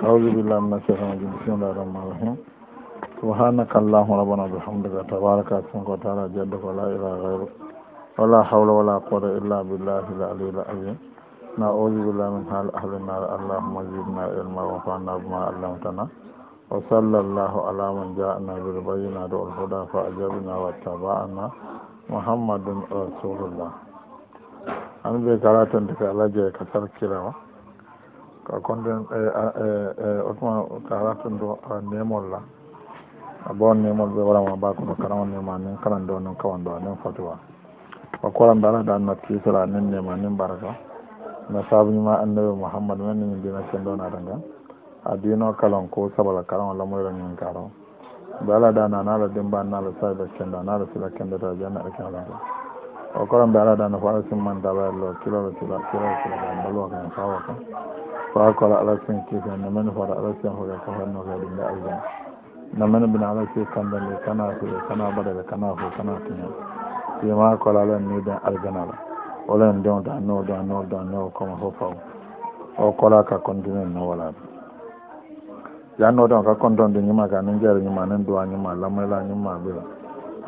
awdu billahi min ashaitan rajim bisimillahi rahmani rahim subhanaka allahuma rabbana bihamdika tabaraka ismuka wataala jaddaka la ilaha gayru wala hawla wala quwata illa billahi l aliyil azim na audu billahi min hal ahli nar allahuma zidna ilma wafana bima allamtana wa salla allahu ala man jaana bilbayinati walhuda fa ajabna wattabaana muhammadun rasulullah hanbe garatentika alajee kasar kirama ko konden e, e, e, otuma ko haratun do nemolla bon nemol ɓe warama bakono kanawa nema nin kanande o nin kawando nin fotiwa o koranɓe ala da annat kisira nin nema nin baraka no sabuñuma annabi mouhammad men nin dina kendonata ngan a dino kalon ko sabala kanawa lamoyira min karo ɓe ala da nanaala dimba nala saɓe kendo nala sila kendeta jannaɓe kenalonko o koranɓe ala da no fo ala simmantaɓaello kilolo sila kilolo sila ɓe mbaluwa kaen fawo ka fa kola alasen kiife no mene fota alasen hoke ko fanno kadi nde aljan no mene bina alasi kamɓe nde kana fiɓe kana baɗeɓe kana fo kana tiña fima kola alan ni den aljanala olen dewda nodo nodo newo koma fo faw o kola ka continue no walaɓe janno ton ka contonde ñima ka ne jeere ñima nen duwa ñima lamoyla ñimma ɓila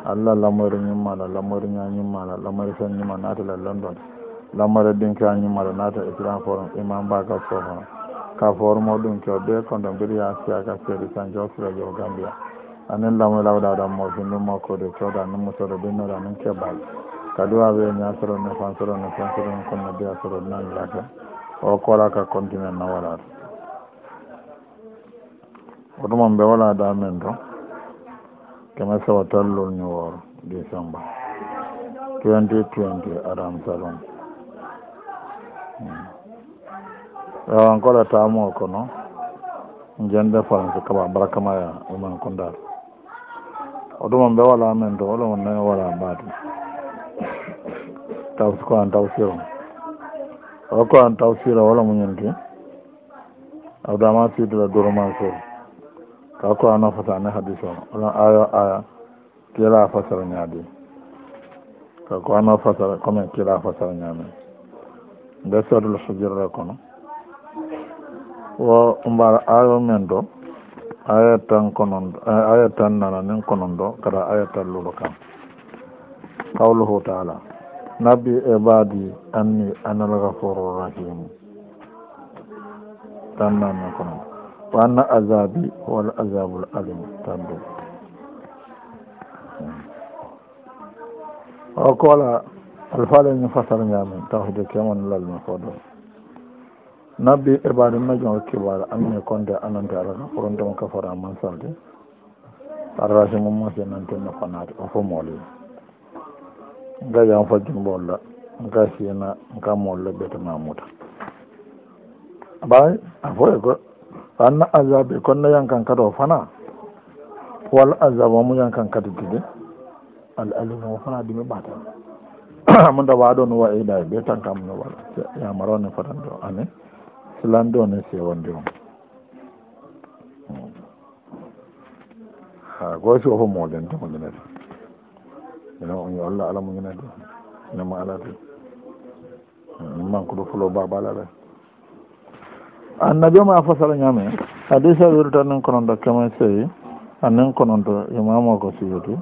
allah lamoyre ñimmala lamoyre ña ñimmala lamoyre sen ñima naatila lendonde lamara dinka ñimara nata e plan forme iman mbaga sohono ka forme o ɗum keo ɓe kondo mbiɗoya siyaka seedi sanjo sirajo gambia anen lamo lawɗawɗam mofindu mokkode cowɗa nu musoɗo ɓinnoɗa nun kebbal kadi waɓe ñasoro ne fansoro ne fansoro ne konno biyasoro nanjake o kolaka continuen nawaɗata otumon ɓe wala damen to keme sowa tallol ñuwor décembre 2020 aram salon Hmm. ewan kola tamoo ko noo jannde france kaɓa barakamaya ɗuman kondar oɗuman ɓe wala amen to oɗuman nae wala mbaade taw ko an tawsir o o ko an tawsir o wala muñinke adama sidira duruman sor ka ko a nafata ne hadis o oɗon aya aya kila fasara ñaade ka ko a nafasara comme kila fasara ñaamen nde sodul hijirre e kono wo mbar ayo men ɗo ayatan konon ayatan nana nin konon ɗo kada ayatan lulo kam kawluhu taala nabbi ibadi anni anal gafuru rahim tan nana konon e wa anna azabi huwa al azabu l alim tando hmm. o kola alfaala ñu fatara ñaamen tawhide keman e lalma fodol nabbi ibari e majoo e kibaara amine konde anante alaka porontema kafora mansade arrasi mo mose nante nafanaade o fo moolee gajan fajjinboolla gasina gamoolla beta mamouda bay a foye ko anna azabe konno yankan kato fana wala azabe o mo yankan kati gide al alimo fana dimi ɓaatan amunda waɗo no wayida e ɓe tan kam no waɗa yamarone fotande o amin silande o ne sewonde on ha goosi o fo moden to moginade ina on yolla ala moginade inama ala to min manqueɗo folo baba alaala annabi ma fasala ñamen hadisa wirta nen kononto keme seyi annen kononto imamo ko siyotou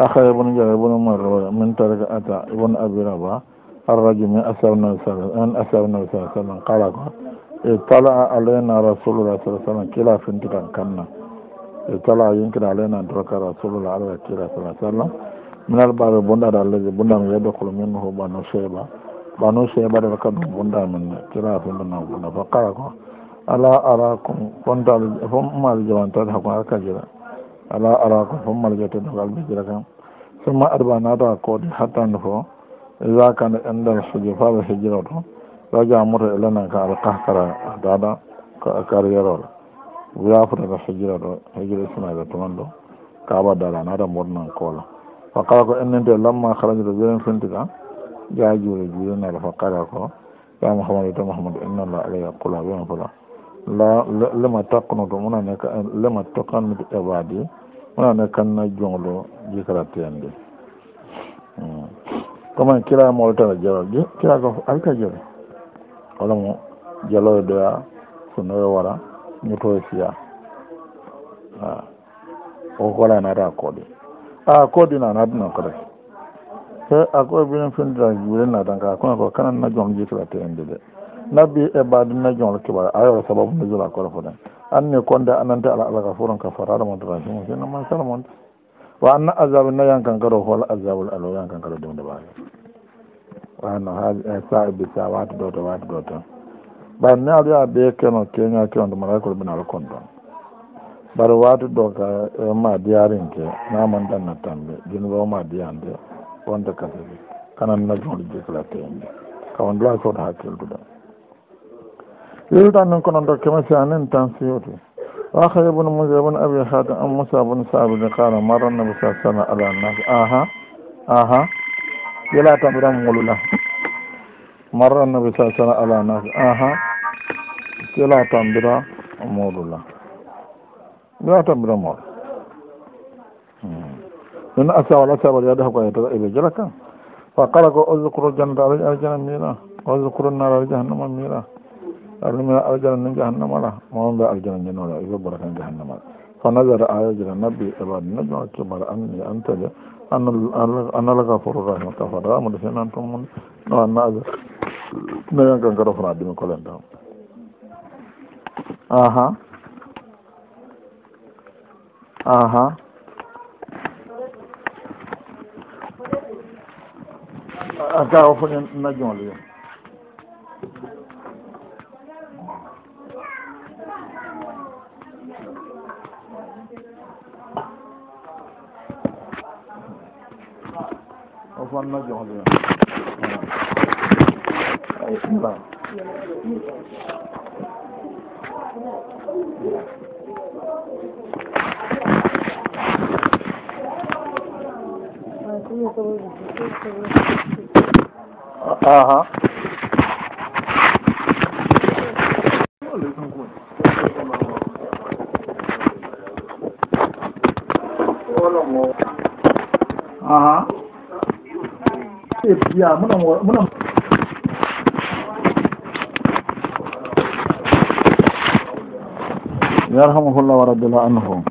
akhaya bono jaga bono marroya min tarka ata won abi raba arraju min asabnabi min asabnabi sa sallam kala ko e talaa alayna rasulullah sa sallam kila fintikan kamna e talaa yinkira alayna doroka rasulullah alaa kila sa sallam minal baɓe bundaɗa alladi bundam yedokolo min ho ɓano sheba ɓano shebaɗeɓe kadum bunda minne kila fintina bunda fo kala ko ala arakum fontaali fo maali jawantati hakon arkajira ala ara ko fo malgete dogal bijira kam somma arba nata koode hattande fo zakane en ndel sojo faɓe hijiroto raja moto elenen ka ala kahkara dada karyerore yafutata hijiroto hijiro ismaila tuman ɗo kaaba dada nata mbonnan koola fa kala ko enninte lamma karañeto jeren fentita jajuure jurinal fa kara ko ya mahamadu to mahamadu innalla alay yaqula wiyen fula la lima takkunoto munane ka lima tokannuto ebadi wonane kanna jonglo jikara teende comme kira moolo tana jalol kira ko alka jalo wala mo jaloyo doya sonoyo wara ñotoyo fiya o kola e nata a koodi a koodi nana adina ko rek e a ko bine findita jurenna tan ka kona ko kananna jong jikara teende de nabbi e badinna jongol kibar ayoro sababu nuzul al qorofoden anni konde anante ala alaga furon ka fararamonde rahimu fina man salamonde wa anna azabe nayan kankaro hol azabul alo yan kankaro dimde baawi wano ha eh, saibi sa wati do to wati do to bar ni aɗa yaa ɓe keno keña kewonde malaykol binaɗa kon ɗon bar wati ɗo ka e ma diyarinke naman danna tambe jinɓe o ma diyande wonde kasabi kananna jonɗo jikalateñi kawon dula sooto hakkilduɗen yeyiɗa noon kono ɗo keme sanen tan siwde waha yebuno musa yebuno abi hadim an moussa bune sabidi qala marra nabi sa sallam ala nabi aha aha yala tan ɓiɗam ngolula marra nabi sa sallam ala nabi aha yala tan ɓira moɗula yala tan ɓira moɗo min hmm. asawal asawal yaade hako yetata eɓe jara kan fa kala ko ozucro jannata alajana mira ozucro nara alajahannama mira arumina aljana ni jahannama la mawonbe aljana jenoola ifo barakan jahannama la fa nazara ayajira nabbi ibadi najma kibara anni antaja anna laka foto rahima kafara amude fenan tomude no anna aja nayankankarofana dimi kolenta aha aha akawa foñen najmalo yom fonno jokdima aha aha uh -huh. ebbiya munam munam yarhamahullah wa rabbila anhu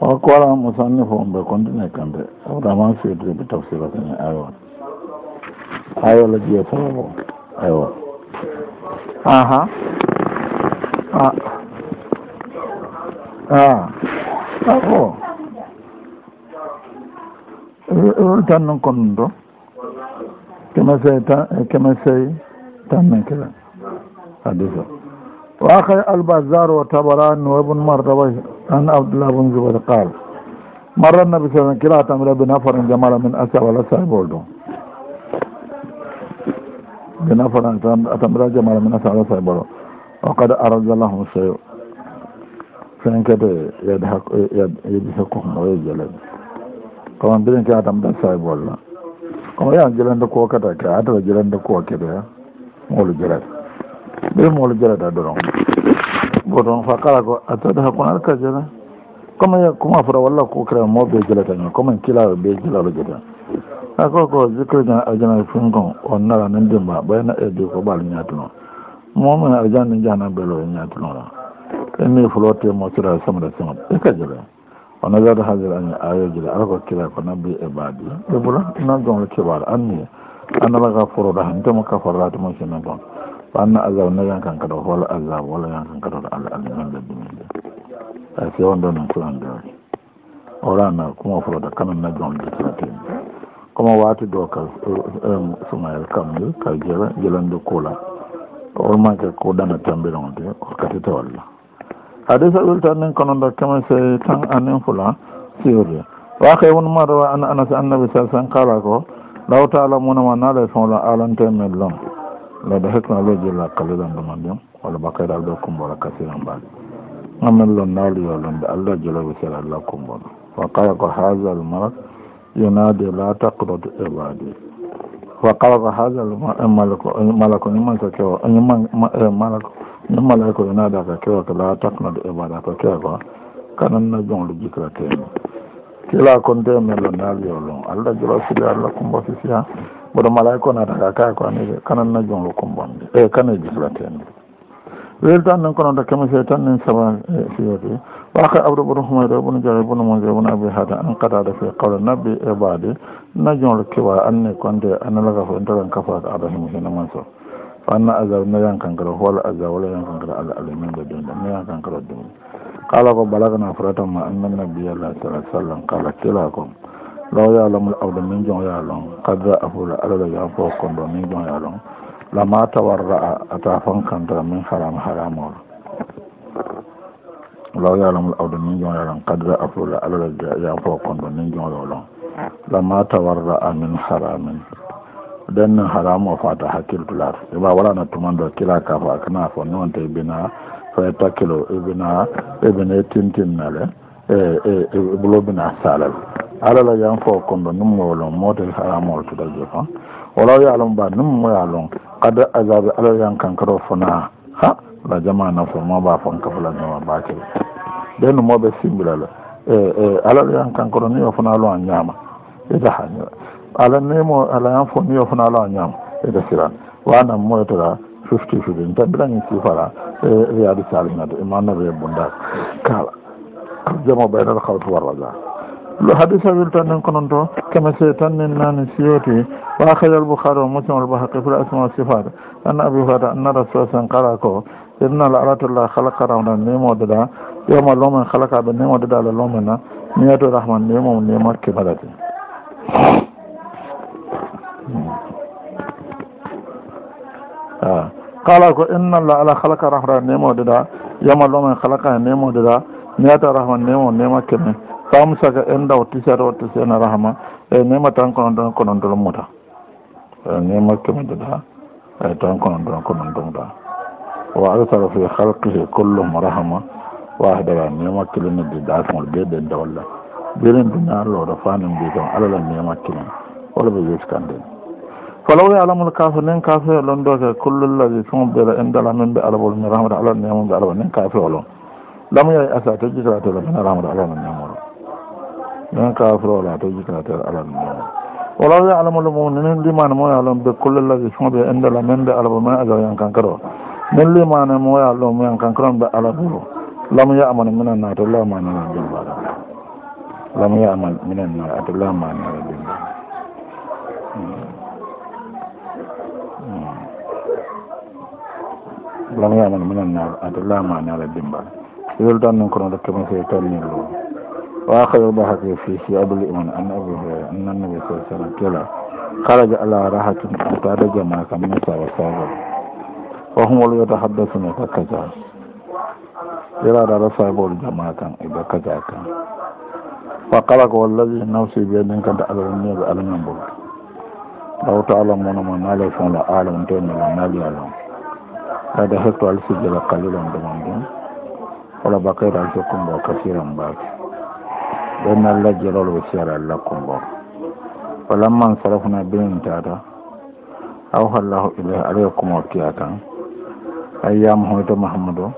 hokkoala musanni fo ɓe kontine kamɓe vraima fiidiɓe tafsira kene aywa ayola jiye fofo aywa aha a a fo eyi eh, on eh, tan noon comme ɗum ɗon kemasey tan eh, kemasey tan men kela hadisa wa akhay albasar wa tabarani wa ibne mardawa an abdoullah bne zubar qal marra nabi sallam kila tam ra bina faran jamala min asawala sahibol ɗon bina faran atam ra jamala min asawala sahibol on wa qad araja lahum sheyo fenkete yeɗ hak yeɗ yeɗi hakkohum o yejelede kono mbiɗen ke adam ɗa sawi bolla kono yan jelande kokata ke adata jelande kokeɗe moolu jelata mbiɗen moolu jelata doron boton fa kala ko atade hakkuna ata jela comme comme fota walla kokira moɓe jelatañu comme kilaɓe ɓe jilalo jeta a ko ko jikrija aljana e fin kon o nara nan dimba ɓayna eddi ko ɓaalo ñatuno momin aljana ndi jahanan beelo ñatunoɗa emi fulo te mo sira semata semat e, e ka jela wono wiyade haajire ami ayojire ala ko kila ko nabbi e baadi ɓe bula nan jonle keɓaɗo anni annala ka furoɗo han temo kafarratimo sinna toon banna azabe nagan kan kadao hoole azabe walla yan kan kadao ɗo allah allah nanɗe dumide ay si wonde noon kulandewi orana kumo furoɗo kana na jonle jetiratin komo wati do ka soumayel kamli ka jela jelande kuula holmanke ko dana tambiron de ko kati tewalla hade sa weltan nin kono nda kama se tan anin fula siori waka won marowa an anas annabi sa san kala ko law taala munama naale fola alante men lon lada technologie la kalidan duma ndim wala bakayda alɗo kumbola kasiran mbaɗi gamen lon naaliyo londe allah jolowi sera alla kumbola wa kala ko haga l malak yonaadi la takrod ibadi wa kala ko haga l malako ñimman sa kewo ñimma eh, malako ne malayika ye naada ka kewa ka laa takna do ibada ka kewa ka kanan na jonglu jikira teme kila konte mel lo ndaal yoolong allah jula sili allah kumba fifiya boto malayika naata ka kaya ko ani de kanan na jonglu kumbande e eh, kana jikira teme weel tan nen kononta kemese tan nen saba fiyoti eh, waka abdo bono humayre bono jare bono mose bono abi hada an qatada fi qawle nabbi ibade na jonglu kiwa anne konte analaga fo entaran kafaka adahimuhina mansor wanna azab nayan kankara hoola azab wala yan kankara allah allah min ga dunda nayan kankara dum kala ko balagana furata ma anna nabi allah sallallahu alaihi wasallam kala kila ko law ya lam al awda min jong ya lon kadra afula alala ya fo ko do min jong ya lon la ma tawarra ata fon kantara min haram haram o law ya lam al awda min jong ya lon kadra afula alala ya fo ko do min jong ya lon la ma tawarra min haramin den haramo fata hakkil tular ɓa walano tumando kila kafa kana fo noonte ɓina fay takkilo ɓina ɓina tintinnale e, e, e, ɓulobina salal alala yan fo kondo nummowolon moote haramol tudaje fa wala yalon ba nummoyalon kada azabe alal yan kankaro fona ha la jama nafo moba fon kafalanoma bakel ɓen moɓe simbilala alal yan kankaro ni o fona lo a ñama ita hañira ala nemo ala yan fo ni yofana ala ñaama ede sira wanam moyetora fifty fifin tabiran kifara e riyadi salinade ima e nawe bundak kala jamo ɓeyder xawtu warla ga hadisa wil tan nin konon to keme se tan nin nani siyoti wa xajal boukhari o muslimol ba xaqi fil asma sifat anna abi hurata anna rasul sen qara ko innal aratullah xalaka rawna nimo deda yowma lomen xalakaɓe nimo dedale lomena niyatu rahman nimom nima kibadati a ah. kala ko inna llah ala halaka rahma nemoɗe ɗa yamallo men halaka e nemoɗe ɗa miyata rahma nemo nemakke men famusaka en daw tisata o tisena rahma e nema tan kono ɗon kono dolmuɗa nemakke me deɗa ey tan kono ɗon kono dumɗa wa asara fi halqihi kulluhum rahma wahidala nemakkilinedde dakamol beɗen dawalla birin dunaalloɗo fanin mbi kam alala nemakkilen holɓe jeskanden kala wi alamul kafe nin kafe olon ɗo ke kullulladi tumbila indala min ɓe alabol min rahmata allah ne yamu ɓe alaba nin kafe olon lamu yay asa to jitratela min rahmata allah ne yamuro nin kafre ola to jitratela allah ne yamuro wala wi alamul mumini nin limane mo yalon ɓe kullulladi tumbila indala min ɓe alaba min aga yan kankaro min limane mo yallo mu yan kankaron ɓe alaburo lamu ya amana minen nato la manana dimbaɗa lamu ya aman minen nato la manana dimbaɗa 嗯。Mm. lan yamen minen nar ade laama nara dimbal yol danno kono de kemo fe tolnirlo wa akhirul bahaki fi fi abul iman an abi hurayra an nabi sallallahu alaihi wasallam kala kharaja ala rahatin ta da jama'a kam na sa wasaba wa hum wal yatahaddathuna fa kaza ila da rasaba ul jama'a kam ida e kaza kam fa qala ko wallahi nafsi bi an kan ta ala nabi ala nabi law ta'lamuna ma la fa'ala alam tanu ma la ya'lamu hayda hefto alfijo ɓe kalilon ɗumon ɗin wala bakayr alfi kumbo kasiran baake ɓen allah jelol ɓe seere allah kumbo walamman sarafuna binin tata aw hallahu ɓe ala kumo kiya tan ayyama hoyto mahamado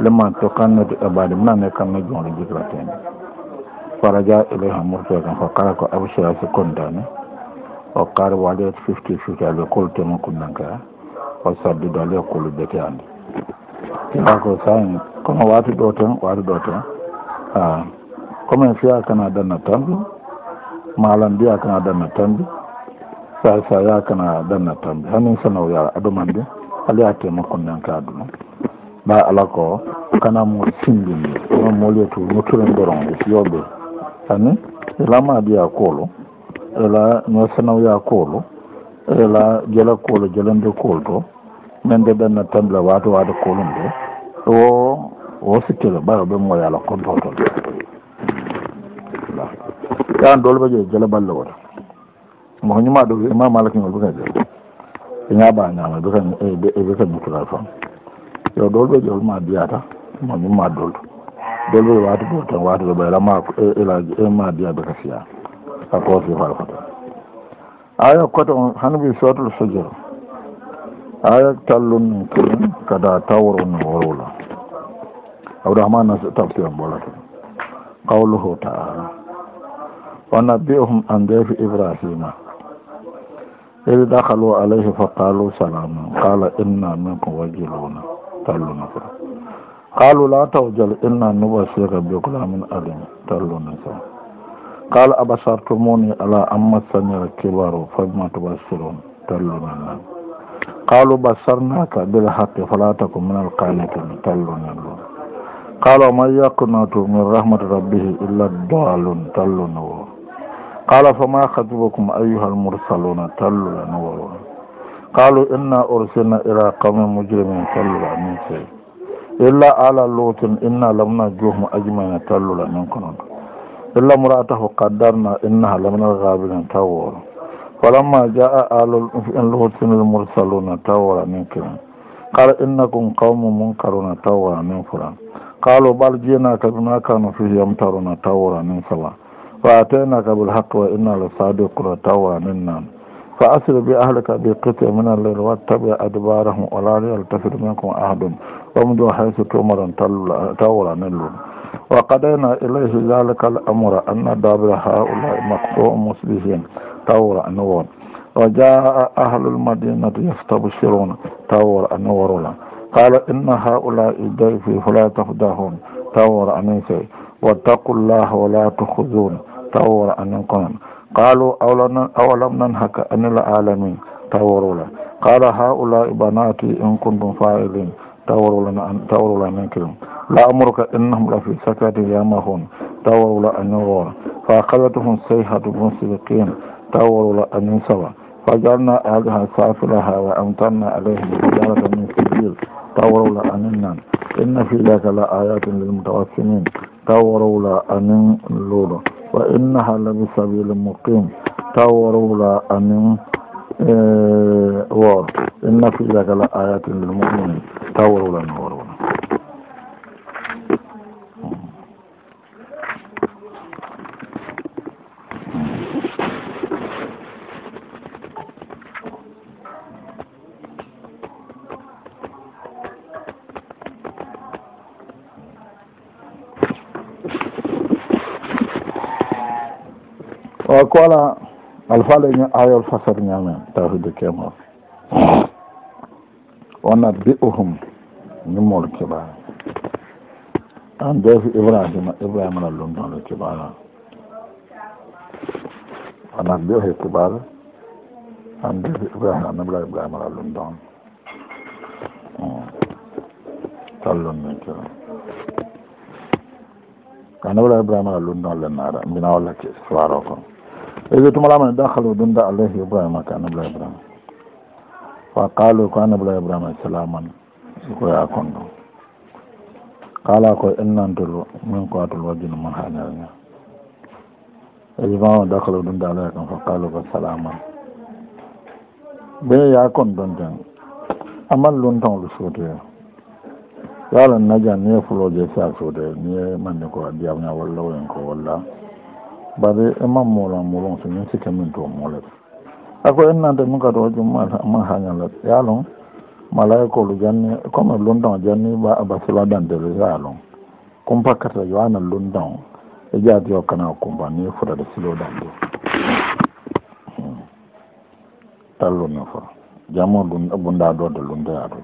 lema to kannedo eɓade mnane kamme jonɗo jiglatende faraja ilayha murto kan fo kala ko abusirasi contane o kar waɗe fifty fifty alɓe kolutemo kunnankaa o saddi dole kulubete andi ako sai kono wati ɗo ten wati ɗo ten a commen fiya kana danna tambi malan mbiya kana danna tambi sai sa ya kana danna tambi hanin sanawya adumandi haliya temakon nen ka aduna ɓa ala ko kana mo simbindi kono molyetu nuturen ɓoron yoɓe hani ela madiya koolo ela ño sanawya koolo ela jela koolo jelande kool to min de ɓenne tan ɓe wawde wade kolum de o o sikkele ɓaɗa ɓe mo yaala conto toon yan dole ɓe jeey gele balle wota mo hoñuma ɗo wima malakiol ɓeken de e ñaaba e, ñaama ɓeken ɓeken nuttuta toon yo dole ɓe jeol ma biyata mo ñumma dol dole ɓe wawti bo tan wawti ɓe ɓayla ma ila ma biya ɓeka siya a koosi fara fota aya koto hanmi sotol sojoro ayak tallun kurn kada tawr un wawla abdourahmane so tabti on ɓolata qawluhu taala wa nabbiuhum an defi ibrahima ili dakalu alayhi fa qalu salaman qala inna minkum wajiluna tallu nasra qalu la tawjal inna nubasira biglamin alim tallu nasra qala abasartumuni ala ammasaniya kibaru fabima tubasirun tallu nanan قالوا بصرناك بالحق فلا تكن من القانتين تلون يلون قالوا ما يقنط من رحمة ربه إلا الضالون تلون قال فما خطبكم أيها المرسلون تلون ورون قالوا إنا أرسلنا إلى قوم مجرمين تلون من شيء إلا على لوط إنا لم نجوهم أجمعين تلون من كنون إلا مراته قدرنا إنها لمن الغابرين تلون فلما جاء آل لوط المرسلون تورا من كلام قال إنكم قوم منكرون تورا من فلان قالوا بل جئناك بما كانوا فيه يمترون تورا من فلان فأتيناك بالحق وإنا لصادقون تورا منا فأسر بأهلك بقطع من الليل واتبع أدبارهم ولا يلتفت منكم أحد وامضوا حيث تؤمر تورا من لون وقضينا إليه ذلك الأمر أن دابر هؤلاء مقطوع مسلحين تور أنور وجاء أهل المدينة يستبشرون تور أنور لهم قال إن هؤلاء ضيفي فلا تفدهون تور انيس واتقوا الله ولا تخزون تورا نقوم قالوا أولم ننهك أن العالمين توروا لنا قال هؤلاء بناتي إن كنتم فاعلين توروا لنا توروا لنا كلهم لا أمرك إنهم لفي سكرة يامهون توروا لنا نور فأخذتهم بن سبقين طوروا من سوا فجعلنا أهلها سافلها وأمطرنا عليهم حجارة من سجيل طوروا لأمنا إن في ذلك لآيات للمتوسمين طوروا لأنن لولا وإنها لبسبيل مقيم طوروا لأنن إيه وار إن في ذلك لآيات للمؤمنين طوروا لأنن wa ko ala alfaale ayol fasar ñaamen tawhide kemor wonna biuhum ñimmol kibar an defi ibrahima ibrahima la lumnolo e kibara wona biuhe kibar an defi ibrahima nibla ibrahima la lumdon tallumnin kira ka nibla ibrahima la lumdon le naara mbinawolla ki sowaro ko eyyi tuma lama ne dakhalo dunda alayhi ibrahima ka annabila ibrahima fa kaalo ko annabila ibrahima salaman sikoya kon ɗo kala ko innantolo min ko atol wajjino mon hanerña eyi mama dakhalo dunda alayhi kam fa kaalo ko salaman ɓeya kon ɗon ten amal luntonlo suutoya yo allah najan niye fulo je sa suutoya niye mandi ko diyamña walla woyen ko walla bare eman molamolon so ñin sike min to mole ako innande min kadi ojum ma hañala yaalon malayikolu janni comme lundan janni basila dandere yaalon kumpakata yoana lundan e jaatiyo kana kumba ni furade silo dande hmm. tallu ni fo jamo bunda dode lundeyaato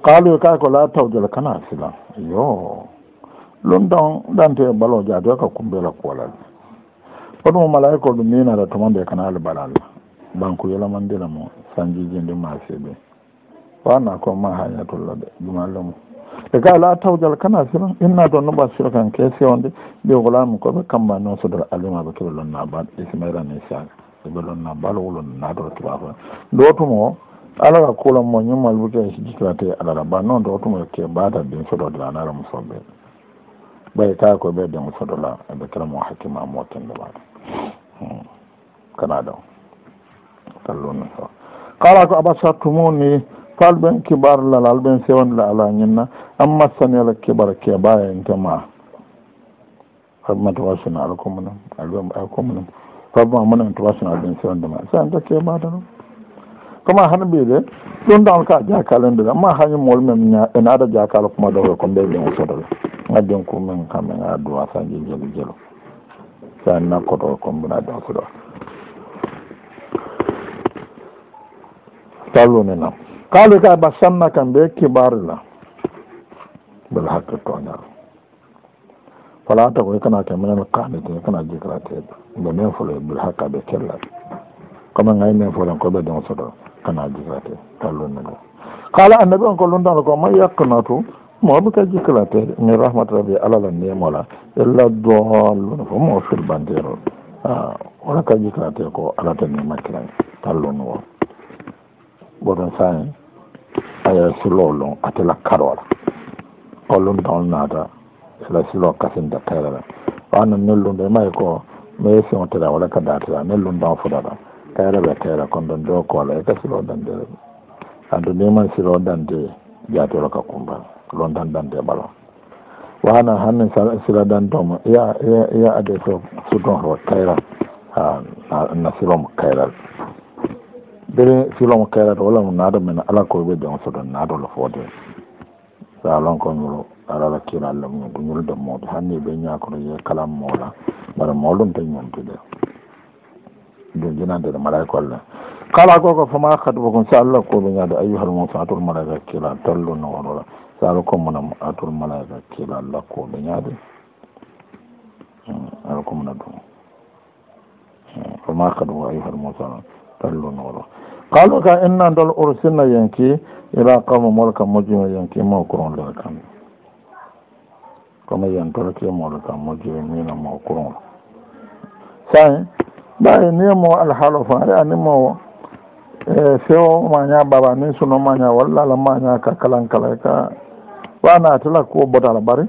kaaluy kay ko laa tawjele kana sila yo lundan dante baloo jaatiyo ka kumbela kuwalali hoɗum malayika o ɗum minaɗa toma mbiya kana albalal banku yolamandira mo sanjijindi maseɓe wanna ko ma hayatulla ɓe jumalle mum e ga la tawjal kana sira inna ɗo noɓa sira kan kese onde ɓe wolami koɓe kamma non sodora alimaɓe keɓe lonna bal e ismaila ni saga eɓe lonna bal wolo natoro tubako ɗo tumo alara kuula mo ñimmalbuke jitirate alara ba noon ɗo tumo e ke mbata ɗin sodorde anara musoɓɓe ɓay kaa koɓe ɗen sodola eɓe kera mo hakkima mo kendeɓaɗa kana ɗo talluni fo kala ko abasattumuni falɓen kibar lalal ɓen sewani la ala ñinna an massani ala kibar keba entema fabmato wasina ala commune alɓe a commune fabma mona en to wasina alɓen sewandema sewanta kebata ɗo koma hana mbiɗe ɗum dal ka jakalende amma hañumol men en aɗa jakala komadoo e ko mbeɓen usotoɓe ngadden ku men kamɓe ga duwa sa jejelu jelo sani nakkoto kon mbona daku ɗo tallune nam kaali ka ba sanna kam ɓe kibaru la bel hakke toñal falata ko e kana ke minen kanitin e kana jikratede mbe min folo bel hakka ɓe kellat comme gayi min folen ko ɓe dong soto kana jikrate tallune nam kaala annabi on ko lundano ko ma yakkunatu mawɓe ka jokkalante mi rahmatata ɓe alalah ndemola ɓe laddoluno fo mo filbantero ah, wona ka jokkalante ko alatani makkiran tallunu o ɓoɗon sahen aya silowlon atela karola kollun dawl naata ela silo kasinta terere wanno nellunde mayi ko maesio tera wala ka datera nellun dawn fotata tereɓe tere kondon do koola e ka silo dante adu ndiman silo dante jatoro ka kumbal ɗon tan dande e ɓalo wana hannen sira dandoma ya ya ade to sudon ro kayral ha na siromo kayral bele siromo kayral walla mo naado men ala ko wedde on sodon naadolo foode sa lon ko mi arala kira allah mum ko ñulde mawde hanni ɓe ñakoro ye kalam mawla mbaɗa mawɗum tan ñontude jon jinande ɗe malaika alla kala koko fama kadi bokon sa allah koɓe ñaade ayyuhal mosatol malaika kira tallu no waɗola saaro commonam atol malaika keɓa lakko ɓeñaade aro commona du famakadu ayuha almusal tallunoro qalu ka inna ndal ursilna yenki ila qawme molka mojjume yenki mokuron lel kam comme yen toleke molka mojjume mina mokuronl sai ɓaye nimo alhaalo fo ari animo e eh, fewo maña baba ni sunomaña wallaala maña ka kalan kalay ka wanatela kuwo botala bare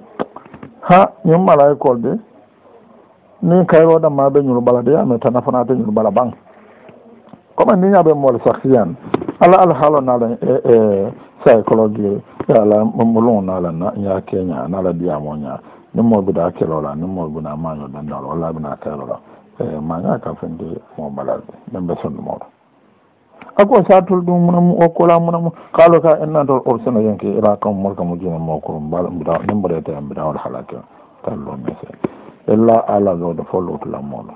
ha ñum ala école e de ni kayro ɗam ma ɓe ñuru bala de yame tan afanate ñuru bala ban comme ni ñaɓe mole sahian ala ala haalo nalan e e, e psycologie e ala mulungu nalan na ña keña nala diyamo ña ni mo guda kelola ni mo guda maño dendal wallaɓina kayrola e maña ka fendi mo balade ɓen ɓe sondumoɗo hakko on sartol ɗum munamum o kola munamum kaalo ka ennatol or sono yonke ila kam molka mo jina mokor mbal mbiɗa nimbaɗeta e mbiɗawol halake kallo mese illa ala gawde folloutula moɗo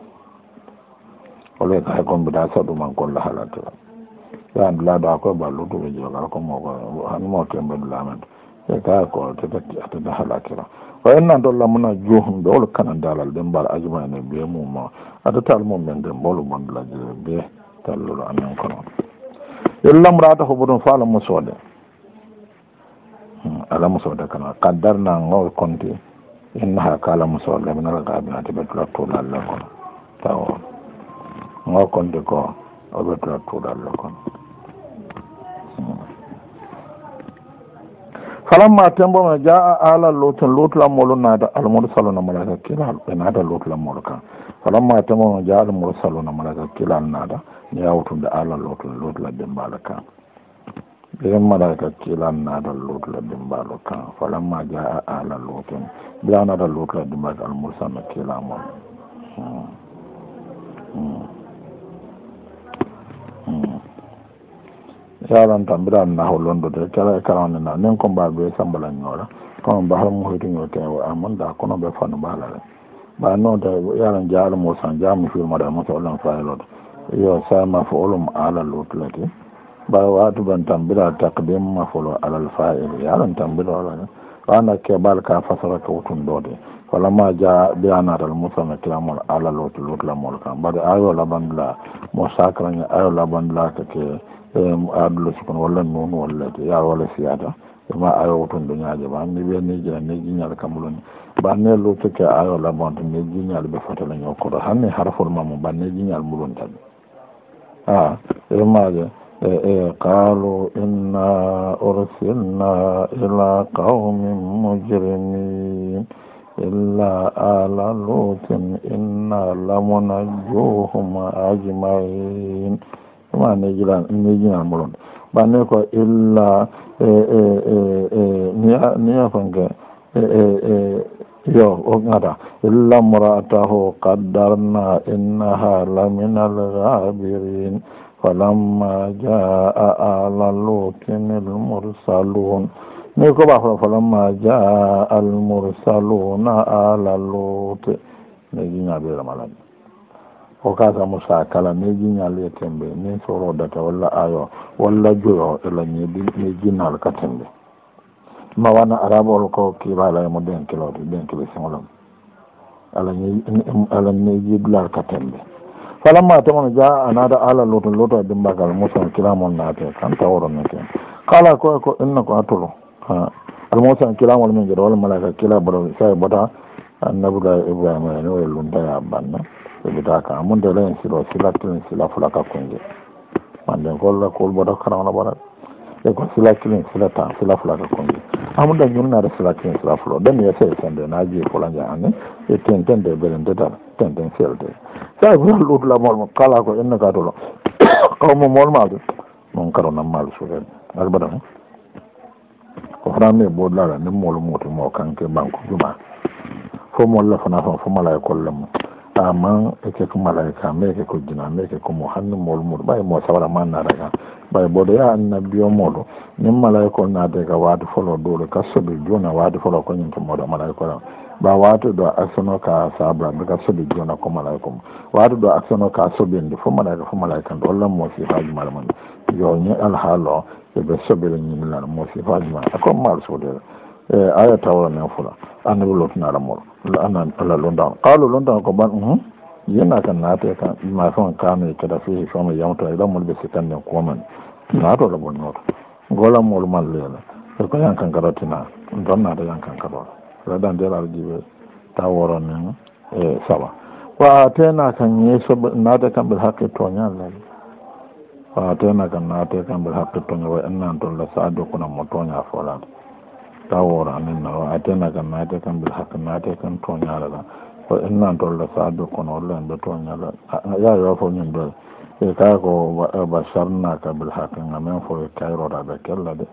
olay ka haykon mbiɗa saɗuman golla halate yaani laado ha koye balluduɓe jogal ko moko hanmo kembaɗi lamen e ka ko tetati atede halakira o enna dolla muna juhum ɓe wolo kana dalal ɗe mbal ajumane ɓe mum atetal mumɓe nde mbolu bondulaje ɓe tallulo amen kono يلام راتا هبون فالا مصودا على مصودا كما قدرنا نقول كنتي انها كالا مصودا من الغابه تبقى تقول الله تقول نقول كنتي كو ابتدى تقول الله فلما تمبو جاء على لوت لوت لا نادا المرسلون ملائكه كلا لوت لا مولو falamma temono jaaɗo mursaluna malaka kilannaɗa mi yawtude allah lotul lotula e dimbalo kan ɓen malaka kilannaɗa lotula e dimbalo kan falamma jaa allah lotun bilanaɗa lotula e dimbalo al mursalno kilamon yalantan mbiɗan naho londude kala e kalawande na nin ko mbaɓe sambalañoɗa kono mbahal muhoytuñoteo amon da kono ɓe fanu mbalare ɓaa noon ta yaran jaalo mo san jaamu firmaɗa mo sohlan fayloɗo yo sama foolum alal utlati ɓaa waatu ban tambira takdim ma folo alal fayl yaran tambirola wana kebal ka fasara ka wutun doode walama ja biyanatal musana kiramol alal utl utlamol kam bade ayo labandula mo sacrañe ayo labandula kake adulo sikon walla nuun wallati yar walla siyata ma ayo woton ɓe ñaaje ma ni wiya nejina ne jiñaade kamɓalo ni banne lo tokki ayo lamonto ne jiñaade ɓe fotala ño koto hanni harafol ma mum banne jiñaade mɓuron tami a emaje ee qalu inna ursilna ila qawmin mujrimin illa ala lotin inna lamona jouhum ajmain ma nejila nejinaade mɓuronde ɓanne ko illa e, e, e, niya niya konge yo o gata illa mraatahu qaddarna innaha lamin alhabirin falamma jaa ala lutin almursalun ni ko ɓa fo falamma jaa almursaluna ala lut ne jiñaɓeramalani o kaata musa kala mi jiñal e tembe min sorodata walla ayo walla joyo ela ñiɗi e mi jinnal ka tembe ma wana arabol ko kibalay e mo ɗen kiloɓe ɗen kilo sengolom ala ala mi jiblal ka tembe falamma temono ja anaada ala loto loto e dimbagal musa kilamol naate kan taworoneke kala koye ko inna ko atolo almusa kilamol min jeɗa walla malaika kila bota sa bota annabila ibrahima ene waye lunta ya banna sigidaka mundele en silo silatti en sila fula kakkunge mande golla kolboɗo karamana ɓoɗa e ko silakkilin silata sila fula kakkunge amuda ñumnare silakkilin sila fulo ɗen yese e sende naji fulaje ane e, e tentende belendedal tenten selde sagural e ɗutla mol kala ko enne gatolo kawmo molmaɓe non karo nam malu sukede aɗbaɗam ko fanami ɓoɗlala ne molo mutimo kanke banque juma fo molla fanafa fo mala e kollemum tama e keko malaika meke ko jina meke ko mohanne molu muɗo ɓay mo sawara ma naraga ɓay ɓoɗo ya annabi o moɗo min malaika o naadega waade folo ɗoɗo kassoɓe jona waade folo koñinto moɗo malaika ram ɓa waato ɗo actionno ka sabra ɓeka soɓi jona ko malaika mu waato ɗo actionno ka soɓinde fo malaika fo malaika nde hollan mo sifaji mala mumɗe yo ñe alhaal o eɓe soɓere ñimilano mo sifaji mala akomi maaro sodere E, aya tawa min fula anna ɓe lotuna alamol anan pala londan qalo londan ko ɓan uhm, yena kan naate kan ma fen kame keda fi fome yamto ilamol e ɓe sikanne komen naato la bonnoto golamol man lela e ko yankan garatina don nata yankan karola reɗan nder arjiɓe ta woro min e saba ko atena kan yeso naate kam ɓe hakke toñan lel ko atena kan naate kam ɓe hakke toña wa innan tolla sadio kunanmo toña folade tawora amin nawa atena kam naate kam bil hakka naate kam toñala la ko innan tolla saabe kono olla mbe toñala ya yo fo min be e ka ko e ba sarna ka bil hakka ngamen fo e kayrota be kella de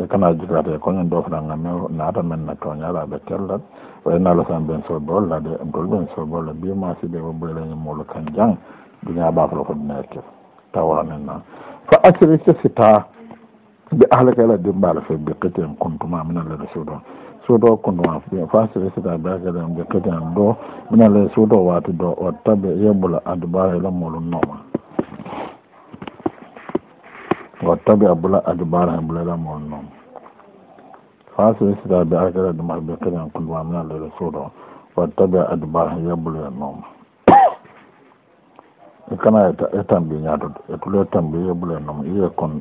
e kana jikate koñen dofra ngamen naata men na toñala be kella o inna la san ben so bolla de tol ben so bolla bi ma si de o boyleñi molo kan jang duña bafla fo dina kef tawora min na fa asiri kesi taa de alakala dirmbala fe bi qiten comptema minalle ɗo suuɗon suuɗo comptema fasiresita bekade bi qiten ɗo minalle suuɗo wati ɗo o taɓe yebula adi barayla molum nooma o taɓe abula adi baraha bulala molum nooma fasiresita bi alakala dirmbala bi qiten comptema minalle ɗo suuɗo o taɓe adi baraha yebulaya nooma kana e tambi ñaatoɗo e tule tambi yebulaya nooma iye kon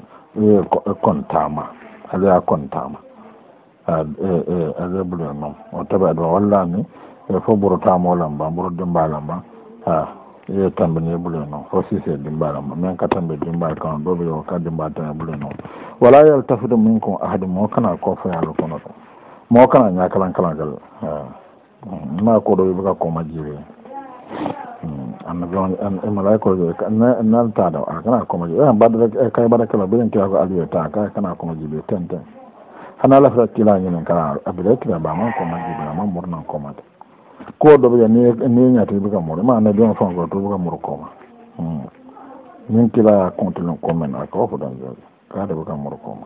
contama alaya contama aɗeɓule e, noon o tawa aɗa wallani e fo ɓurotama olamba ɓuro dimbalamba a e tambini eɓule noon fo sise dimbalamba min ka tambi dimbal e kan ɗo ɓe yoka dimbal tan eɓule noon wala yal tafude min ko ahadi mo kana ko fayalo kono ɗo mo kana ñakalan kalangal ma koɗo yoɓeka koma jiri Hmm, annabi malaykoje nentaɗo a kana koma jibi baɗe kay baɗa kela biɗen kiya ko aliweta ka kana koma jibi ten ten hana lafata kila ñinen kala abile kila bama koma jibi ama murnan komade ko doɓeje ni ni ñati bika muru ma anabi on fonko to bika muru koma hmm. min kila continue commen a ko fodan joɗi kade bika muru koma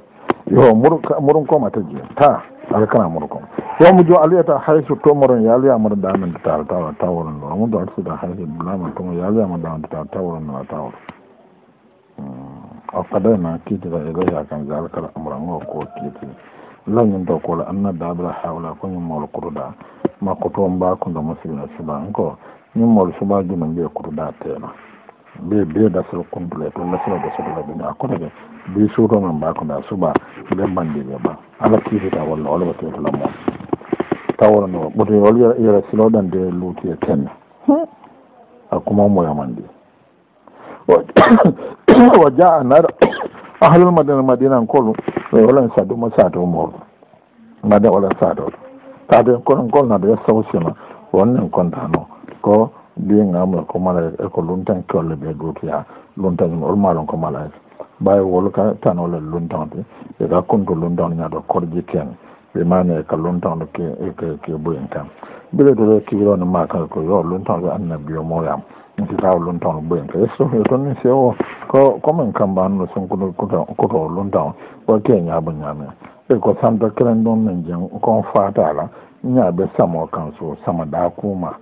yo muɗum kom a tagi ta aka kana muɗum kom yomu jo aliyata hayso tomoron yaliyamaɗa damente tawa tawa tawrono amudo arsida hayso lama tomo yaliyama damente tawa tawrannoa tawro o hmm, kada na kiitita ilayha kam zalikala amrango ko kiiti lañinto kola anna dabila hawla ko ñimmolo kutuda ma kutoo mbakundo musibina suba on ko ñimmolo suba jumo mbiye kutuda tena be be nafsel complet to nafsela ɓe sodola ɓe a kotake mbi suutongam mbako mi a suɓa ɓe mbandiɓe ma ala kiisita walla walla ɓa tetola mo tawono no ɓote ol yera siloɗan de luuti e tenna hmm. a kuma moyamandi wa ja anar ahlul madina madina kolu e walan sadu ma sato mor madin walan sato tade kono kolnade yastawsima wonnen kontano ko biyengam e ko malaika eko luntan kolle ɓe gotuya luntan ol maɗon ko malaika mbawi e. wolka tanole luntande ɓeka kunto luntande ñaɗo korji ken ɓe mani eka luntande e ke boyen kan biletoɗe kiirone maka ko yo luntande anna biyo moyam ntitaw luntande boyen ka estoe toon ni se o ko commin kambanno sonkude koto luntan o keñaba ñame e ko santa kren ɗon min jeng kon fatala ñaɓe samo kan so sama da kuma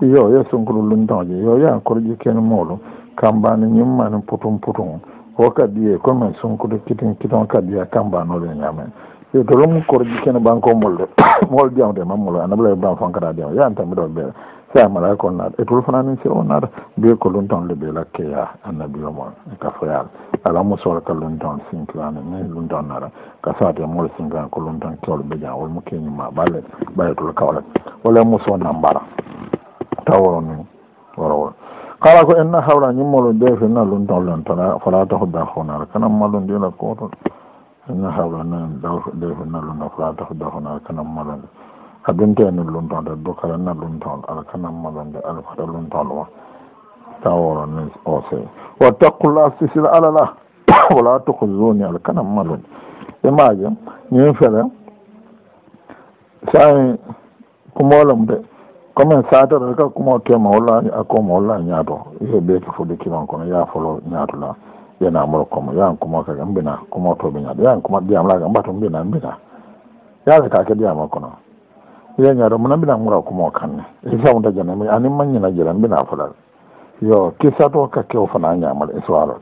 yo yettongol lundoje yo yaha korƴi kene muɗum kambane ñimmani putum putum o kadi ye commen sunkude kitin kiton kadi ya kambanoɗe ñamen e dolom korƴi kene banko molde mol diamde mamolo anablaye ban fankata diam yantamiɗo ɓeere samala ko nata e tol fananin sir o nata mbi ko lunton le ɓe lakkeya annabio mon e kafoyal ala musola ka lunton sinkilani ni lunton nata ka sate mol sinkilani ko lunton kewle ɓeƴan wol mo keñuma ɓalle ɓayetol kawlet wala muso nambara tawa min warawa kala ko en nahawla ñimmolo defe na lum tawlantala fala tahodda honare kana mallum ndila e koto en nahawla na daw defe na lum ta fala tahodda honare kana mallumde adunteni lumtawde do kala na lum tawde ala kana mallumde ala fata lum tawde wa tawora ni ose wa takkullah sisila alala wala tuko zoni ala kana mallumde imaje e ñin fele sa komolemde commen satere ka kuma kema holla akoma holla ñaato yo ɓeeke fodde kiman kono ya folo ñaatola yenamoro komo yan kuma kaga mbina kuma toɓe ñaato yan kuma ɗiyamlaga mbato mbina mbina yaade kake ɗiyama kono ye ñaato mina mbina mura kumo kanne isawnta jene mi anin mañina jela mbina folal yo kissato ka kew fana ñamal histoire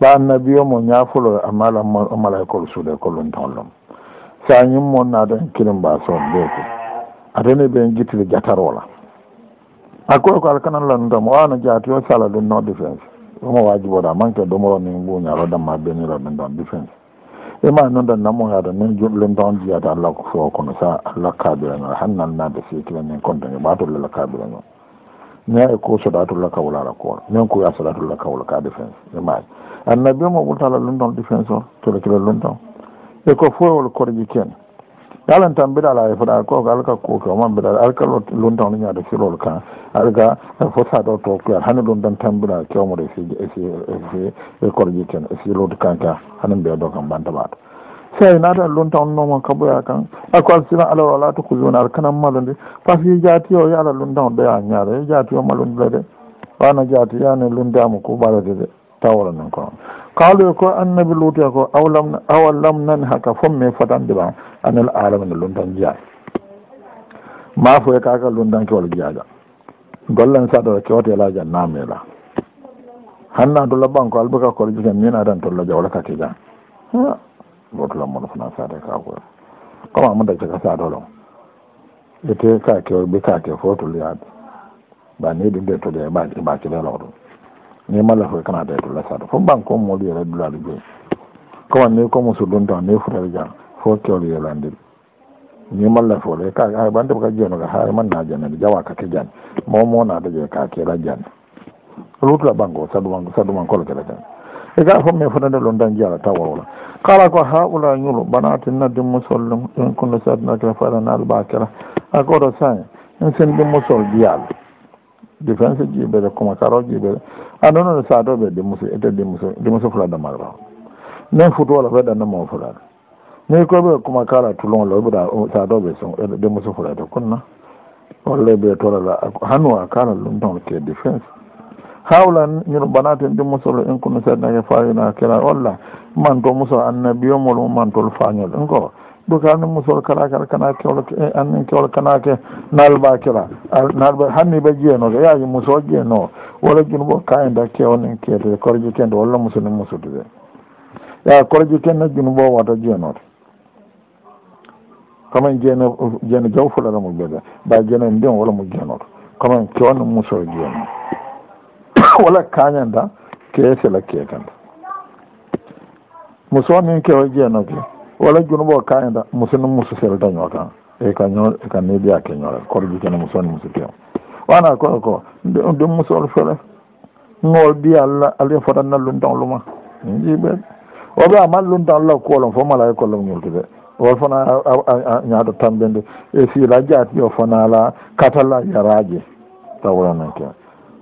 ɓa annabi yomo ñafolo amala malaikol suude kollon tonlom sa ñimmo naaden kirimba soon ɓeeke adene ɓen guittide jatarola akoy ko alkanan lanndutamo ana jaati o sala ɗum no défense omo wajiboɗa manque domoronin ɓuñalo damma benira ɗum ɗon défense ima e nonda namo yada min jumlentoon jiyata allah ko fewo kono sa allah kabirano hannalnade sikila min contage ɓatolela kabirano mi ay ko sodatulla kawlala koola min koya sodatulla kawla ka défense imaye e annabi mo ɓurtala lun ton défense o kilakila lun ton e ko fowol korji kene kalan tan mbiɗa ala e foɗa ko alka kuoke oman mbiɗa alka lo lundan o ñaade firol kan alga fosaɗo to kuyal hani lundan tan mbiɗa kewmoɗo si e si e si e korji ten si lude kan ka hani mbiyado kan bantabaɗo si ay naata lundan onnoma kaɓoya kan ako alsina ala o alata ko yuna ala kanan malodi par ce que jaati o yaala lundan o ɗoya ñaade jaati o malodile de wana jaati yani lundama ko ɓalade de tawola nan ko non kaaloye ko annabi luutiya ko awlam awa lam nani haka fomme fatande ɓan anel alamene lontan jeyay mafoye kaka lontankewal jeyaga gollen saɗara kewatelaja namela hanna tolla ɓan ko albaka korjike min adan tolla jawla kakijan botula mono fana sade kakoy comme amada caka sadolo ete kake ɓe kake fo tolyade ba ni ɗinde toɗe ba ba kilelo ɗum ni malla fo kana da dulla sa fo ban ko mo yere dulla du be ko man ni ko mo su dun ta ni fu re jang fo ko le yelande ni malla fo le ka ga bande ka jeno ga haa e man na jeno ni jawa ka ke jan mo mo na da je ka ke la jan lutu la bango sa du man sa du man ko le jan e ga fo me fo da lon dan jala tawa wala kala ko haa wala nyulu banati na dum musallum en kunu sa na ka fara na al bakira akoro sa en sen dum musol diyal défense ji ɓeɗe commissaire oji ɓeɗe andonoɗo sa ɗo ɓe ɗimusi ete ɗimusi ɗimusi fulada maɗa min futu wala weɗannamo fulada ni koɓe kuma kala tulongola ɓeɗa sa ɗo ɓe son e ɗe ɗimusi fulada e kunna walla ɓe torala hanua kala ɗum ton ke défense hawla ñino banaten ɗi musolo in kono seddake fayina kira walla mantol musolo annabiyomol mu mantol fañol ɗin ko ɗukaani musol kalaake ara kana kewlo eh, anin kewlo kanaake nalba kela nalba hanni ɓe jeenode yaaji musoo jeenoo wala jun bo kayida kewnin keetede korji kende walla musoni musude de ya korji kenne junboo wata jeenode quand même jeene jeene jaw fulara mu ɓede ba jeene ndin wala mu jeenoto quand même kewni musoo jeeno wala kañanda keesela keetanda musoo nin kewo jeenoke wala junubo kaeda musino musu sere dañoo kan e kañoo ka e nidiya keñoole korjike ne musoni musu keo wana koy ko de musol fele ngool di alla ala fotanna luntan luma jiɓee o ɓe ama luntan la koolon fo mala e kollom ñulti de o fana ñaato tambende e siila jaati o fana la katala yaraaje tawolananke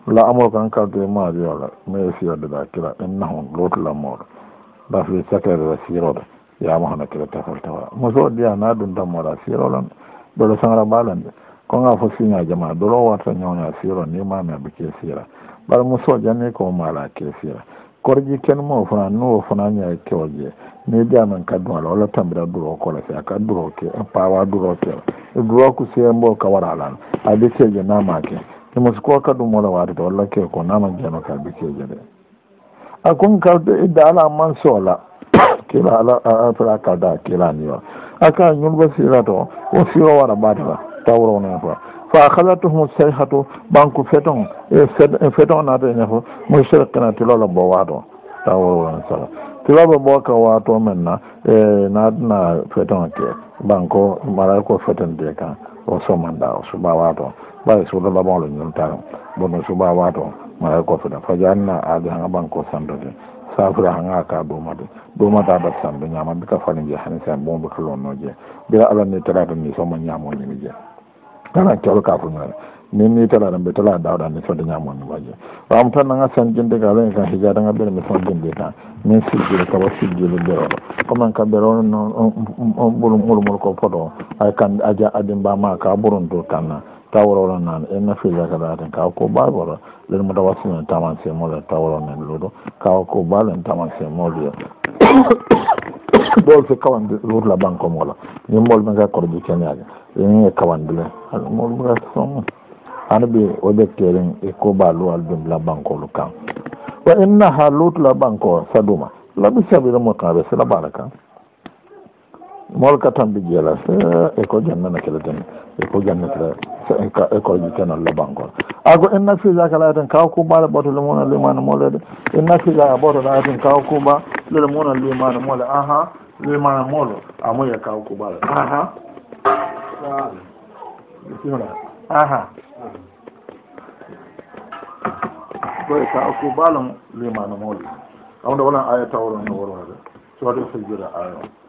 la amol kan kalte maajo yola ma e siyodde da kila innahum e lootulamoɗo dafi sakere la siirode yama hono kira tefal tefa moso ɗiyana ɗum dammoɗa sirolon ɓeɗo sangra mbalande ko ga fo siña jama doro warta ñawña siro ni mami aɓe ke sira ɓaɗa moso jani ko mala ke sira korji ken mo fana nuwo fanañe kewoje ni ɗiyamen kadduwala walla tambira duro kola fe aka duro ke pawa duro kela e duro ku sembo ka waralan aɓe keje namake imosi ko kadu mola watete walla ke ko nama jeno ka aɓe keje de a kon kalde idda ala man sola kila ala aatora kalda kilani wa aka ñulba sira to on siro wara mbaati wa tawrowna toa fa akhadatuhum sayhatu banku feton e, e feton nata ene fo mosirkina tilola bo waato tawrowna sala tilaɓe bo ka waato men na e natina feton ke banko mara ko fetande kan o somanda o suba waato ɓay e suuda labanlo ñultaa bono suba waato mara ko fetan fajanina aade hanga banko santote safira hanga ka domadu domada bat sam be nyama be ka fani je hani sam bombe ko lonno je be ala ni tara ni so ma nyama ni je kana to ka fu ngare ni ni tara ni be tara dawda ni so de nyama ni baje wa am tan nga san jinde ga len ka hija da nga be ni so jinde ta ni si je ka ba si je be ro ko man ka be ro no on bulum mul mul ko podo ay kan aja adim ba ma ka burun do kana tawrolon nan enna filakadaten kaw ko balbora len mo dawasumen tamanse mole tawronen luuɗo kaw ko balen tamanse molio ɗol fi kawandi lurla banque mola min molɓe ga korji keniage ene kawandi le molɓe ga som an ɓi oɓecteren e ko balu albim la banque lu kan wa inna ha lutla banque o saduma laɓi sabire mo kaɓe sila bala kan molka tan ɓi jeela e ko jannana kela ten e ko jannakela école ji tenol le bangol ago in nafisaka la aten kawkumba le ɓoto le muna limane molede in nafisaka ɓoto la aten kawkumba lele muna limane mole aha limane molo amoya kawkumba le aha aha koye kawkumba lem limane molo amde wona aya tawrono worwade sode fijira ayon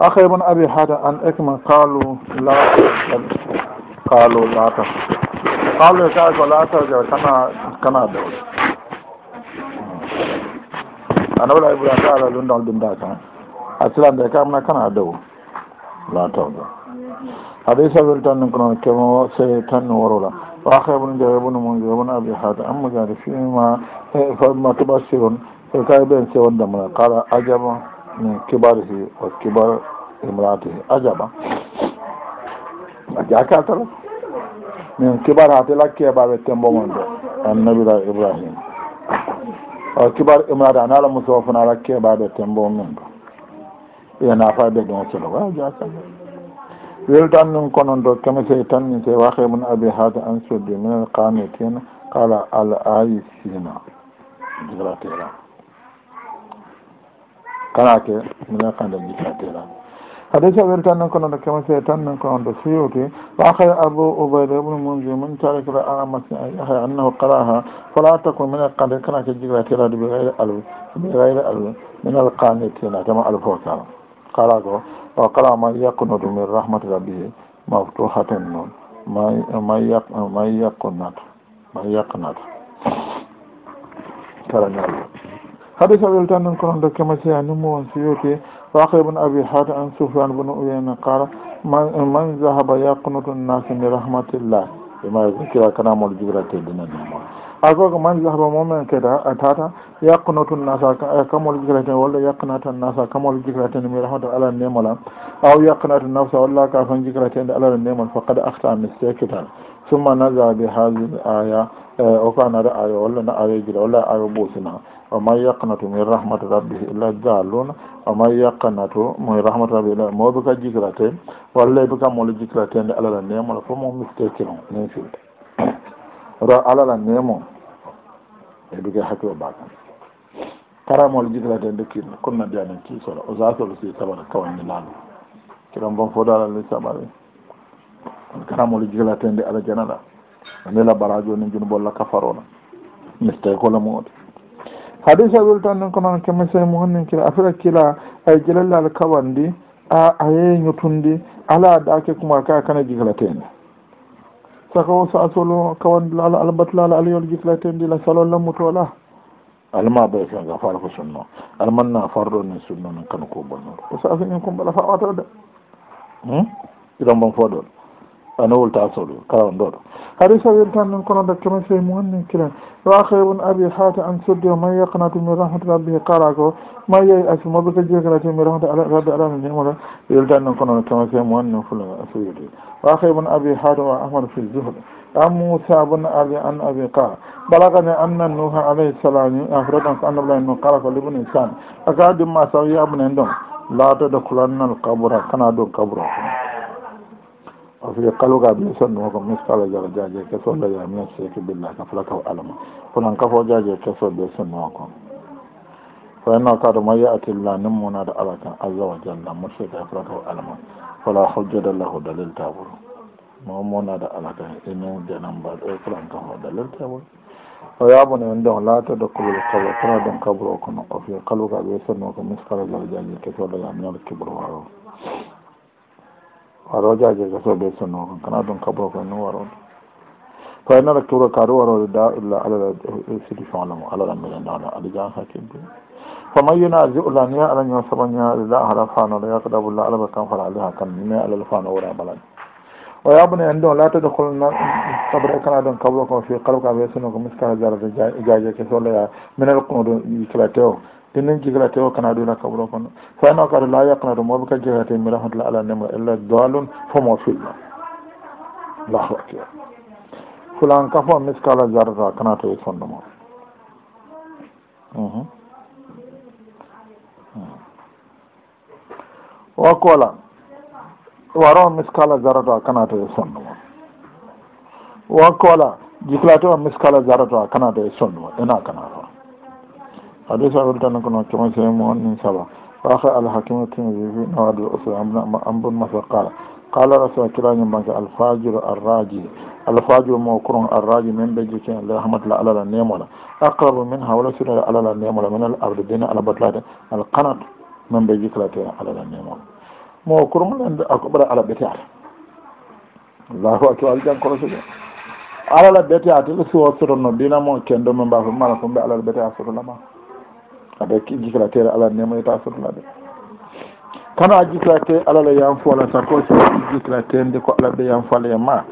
أخي من أبي حدا أن إكما قالوا لا قالوا لا تفعل قالوا يتعرف لا ترجع كما كما دول أنا ولا أبو تعالى لن دول بن داتا أسلام ده كما كما دول لا ترجع حديث أبي التان نكون كما سيتن ورولا وآخر ابن بن من جريب بن أبي حدا أم جاري فيما فما تبصرون فكاي بين سيوان دمنا قال أجب min kibarihi wa kibar imraatihi ajaba a jaaka tala min kibar hatila keɓaɓe tembomon de annabila ibrahima o kibar imraati ana ala musoo fana ala keɓaɓe tembo min do ɓe naafaa ɓe ɗon solo waa jaaka wiltan nin kono do kamisey tan ni se waxe mun abi hade an soddi minen qanitina kala al ayisina jiratiran kalake mino kande mbitatela hadis aɓeri tan nan ko noon ɗo kemasee tan nan ko noon ɗo fewke wa haya abu ubayda ibnu mundir min tarik la aramasi yahya annahu qaraha fala takun min alkande kalake jigratelade bigayre alu bigayre alu min alkanitina tama alfokala kala ko wa kala ma yakunatu min rahmati rabbihi maftuhatan noon ma ma yakunata ma yakunata kalañalla hade so ɗel tan non kono nde kemasi a numu on si yoti wa aqa bne abi hata an sufran bne uyana qala man zahaba yaqnutu nnase mi rahmatillah ima zikira kanamol jibrate dinanimo a koko man zahaba e momen keda a tata yaqnutu nnasa kamol jikraten walla yaqnata nnasa kamol jikraten mi rahmata ala nemolam aw yaqnata nafsa walla ka fan jikratende ala nemol faqad axta mistekital summa nasa bi hadil aya e, o ko anaɗa aya walla na awejira walla awe ɓusina wa man yaqnatu min rahmati rabbihi illa dalluna wa man yaqnatu min rahmati rabbi illa mo ɓe ka jikirate walla ɓe ka molo jikirate nde alah la nemola fo mo mistakino min filde ro alah la nemo e ɓe ke hakkilo bakan karamol jikirate nde kinno kono nadi anen kisola o sasolo si sabara kawanni laalo kiɗan bon fo dala le sabari karamol jikirate nde alah janaɗa anila barajo onen jinu bolla kafarona mistake kola mooɗi haaɗum sa wel tan nen ko noon keme sey mo honnen kila afira kila ay gelallal kawandi a a yeyñutundi ala daake kuma ka kane jiklatende saka o sa solo kawandila ala albatlala alayol jiklatendi la salol lammutola alma bayfenga fala ko sunno almanna fardo nen sunno nen kano ko bonnoro o sa sañen kumbala fa watode hmm? iɗon bon fodol ano wolta asoɗo kala on ɗoɗo hadisa wiyde tan ɗum kono dakkeme sey mo wanni kiren yo akha ibne abi hati an suddi o may yaknatu min rahmati rabbihi kala ko may yeyi asi mo ɓeka jeekalati min rahmati rabbi alamini imoɗo wiyde tan ɗum kono dakkeme sey mo wanni fulla so wiyde yo akha ibne abi hati o ahmad fil juhle an moussa bone abi an abi kala balagane annan nuha alayhi salam afrekanc annabilahi nu kala ko libni sane aka addimma saw yabnen ɗon laa tadakulannal kabra kana ɗo kabra parce que kalu ka bi sonnoo ko miskala jara jaje keso la ya mi seki billa ka fala kaw alama kono ka fo jaje keso be sonnoo ko fa inna kadu ma yaati la nim munada alaka azza wa jalla mushrika fala kaw alama fala hujjada lahu dalil tabur ma munada alaka inu janam ba do e fala kaw dalil tabur fa ya bunu ndo la to do kulu ka wa tra do kabro kono o fi kalu ka bi sonnoo ko miskala jara jaje keso la ya mi kibro waro warojaji e gasoɓe sonno kon kana ɗum kaɓro ko no waroɗe e fa nara kiro kaaru warode da illa alala situation lamo alala mbeɗe dawla ali ja ha kebbe famayyuna azi ula ni ala ñoo sabaña la hala fanola yakdabulla alaba kan fala aliha kan mais alal fano wora balan o yaɓune en ɗon laatade holna sabre kana ɗon kaɓro ko fi kalo ka fe sonno ko miskaa jarade jaje ke soleya minal kono ɗo yiklate o tenen jigla tewo kana ɗuna kaɓuro kono fayno kata la yaknado moɓe ka jegate mi rahmatullah ala nemra illa dalun fomo filla allahu akbar fulan kafo miskala jarata kana to fondomo mhm. mhm. wa kola waro miskala jarata kana to fondomo wa kola jiklatewa miskala jarata kana to sondomo ena kanato hadis aɓel tan kono kemo seemo on in saba waha alhakim tirmidi nawadi usaamn ambun masa qala qala rasula kirañum banke alfajiru arraji alfajiru mo kuron arraji min ɓe jiki le hamatla alala nemola aqrabu min hawla sira alala nemola min al abdi bine alabatlade alkanat min ɓe jikilate alala nemola mo kurumlende ako ɓara ala ɓeteate allahu akbar aljankolo sude alala ɓeteate le suwo sotonno dinamo kendo min mbafo mala ko mɓe alala ɓeteate sotolama aɗa jiflatere alal nemoyta sotla ɓe kano a jiflate alal e yam fo ala sako si jiflate nde ko alal ɓe yam fo alaye ma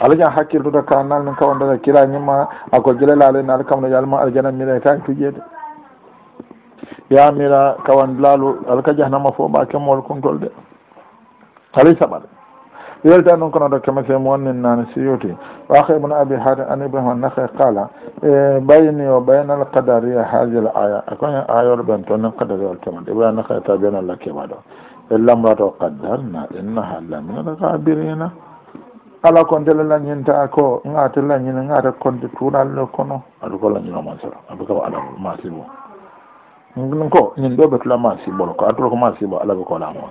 ala jan hakkil tuta ka nalmin kawa daga kirañima ako jele laale nal kamno yalma ala jana mira tani tuƴede yamira kawan laalu alka jahnama fo mba kemol kontol de alay saɓale yewta ɗum kono ɗo kemete mowonnin nane siyuti wa aha ibnu abi hari an ibrahima nahe qala e ɓayni o ɓayna al qadariya hadil aya akoye ayol ɓen to nen qadariya al kemat ibrahima nahe tabiyana la keɓaɗo e lamrato qaddarna innaha lamina lgabirina ala ko ndele lañinta ko gaate lañine gaate konde tuuralle kono aɗa ko lañino ma sara aɓe kaba ala masibo ko ñin ɗo ɓe tula masibol ko aɗa tula ko masibo alaɓe ko laamoon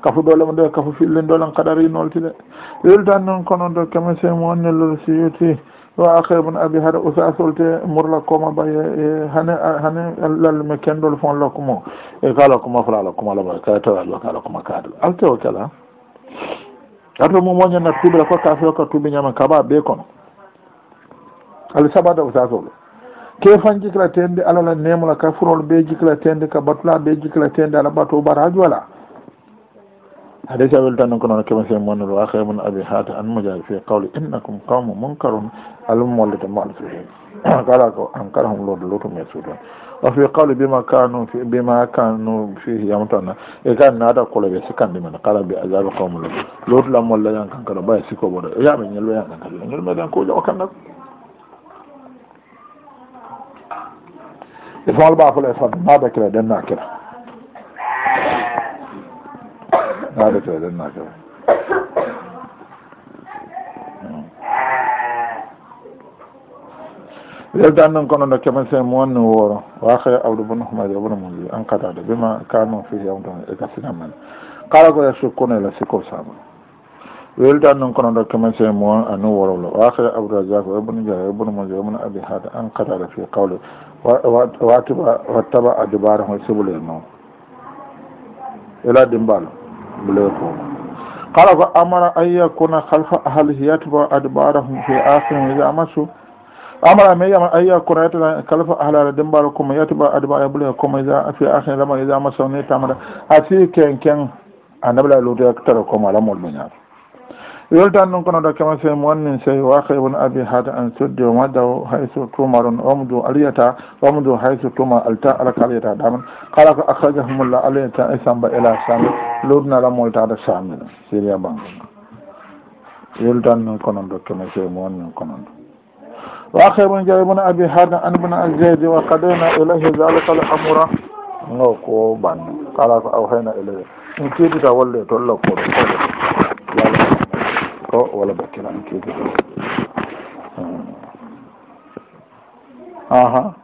kafu ɗolema nde kafu fillindolen kaɗari noltide wiltan noon kono do keme semo nellol si yetti wa akhibne abi haɗa usa solte murlakkoma baye hane hane lallume kendol fon lokkumo e kalakkuma falalakkuma lama kaa tawallo kalakkuma kaadal altewo kala ato mo moñanna tuɓila ko kafeo ka tuɓi ñama kaɓa ɓe kono ala saɓada usa solo ke fan jikla tende alala nemola ka furol ɓe jikla tende ka batula ɓe jikla tende ala batu ɓara ajo ala حديث أبي لتان كنا كما سيمون الواقع من أبي حاتم أن مجال في قول إنكم قوم منكر المولد معلسين قال أنكرهم لود لوتم يسودون وفي قول بما كانوا في بما كانوا فيه إذا كان هذا قول بسكان لمن قال بأذاب قوم لود لود لم ولد أن يعني كان كربا يسكو بود يا من يلو ينكن يعني يلو مدان كوجا وكنا إفعل بعض الإصابة ما ذكر دنا كده هذا فعلا ما شاء يبدو أن نكون هناك من سيمون نورا وآخر أولو بن حمد أبن مولي أن قطع بما كانوا فيه يوم من قال قد يشكون إلى سيكو سامن ويلد أن هناك من يكون هناك من يكون هناك من يكون هناك من يكون هناك من يكون هناك من يكون هناك من يكون هناك من بلوغ قال وأمر أن يكون خلف أهله يتبع أدبارهم في آخرهم إذا مسوا amara mai yamar ayya kura ya tana kalfa halara din bara kuma ya tuba adba ya bula kuma za fi akhin lama ya zama a ya tara kuma yoltan ɗum kono ɗo kema sey monnin sey waka ibnu abi hada an suddi o maddaw hayso tumar on omdu aliyata omdu hayso tuma alta alaka aliyata daman kala ko akhrajahumllah aliyata e samba ela sami lurna lamol tada samil siria banga yoltan ɗum kono ɗo kema sey monnin kono ɗo waka ibnu dia ibnu abi hada an ibnu azadi wa kadena ilayhi zalika lamoura no ko banno kala ko aw hayna ilayhi ɗum kiditawolle tolla koɗo ko walla bakkel ankeji ɗo aha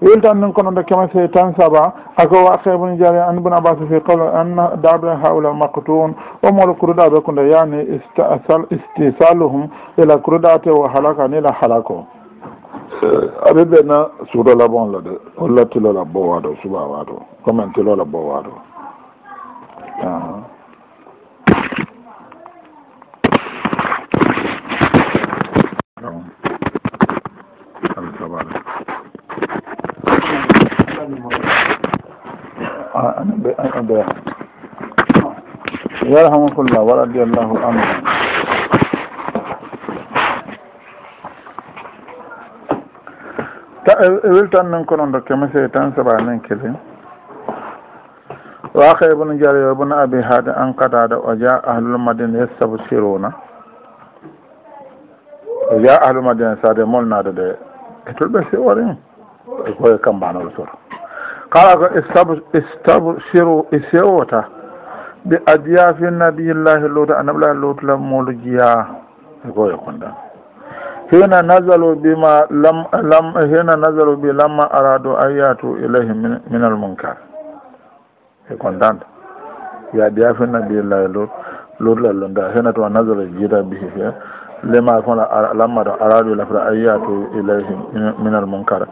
wiltan min kono nde kemese tan saba ako waqeɓuni jaari an ibne abbas fi qawle an daɓe haula maktun omol kuruɗaɓe ko nde yani istisaluhum ila kuruɗate o halaka nila halako eh, aɓeɓena suurolaboonla de on lattilola bowaɗo subawaɗo commen tilola bowaɗo ɗee yarhamukullah wa radiallahu anu ta e wiltan nen ko noon dokke monsieur tan saba nen kelen waaka ibnu jari ibnu abi hadi enkadade o ja ahlulmadina yestabsiruna o ja ahlulmadina sade molnade de e tulɓe si orin e koye kambanolo sora kala ko stabsiru e sewota ɓe addiya fi nabillahi lowta anabilahi lowtulam molo jiya goyo konɗan hena nazalu bima lam hena nazalu bi lamma aradu an yatu ilayhi min almunkar e kondanta ya ɗiya fi nabillahi lot lotla londa hena to a nazala jida bihi fe lema kona lamma to aradu lafra an yatu ilayhi min almunkar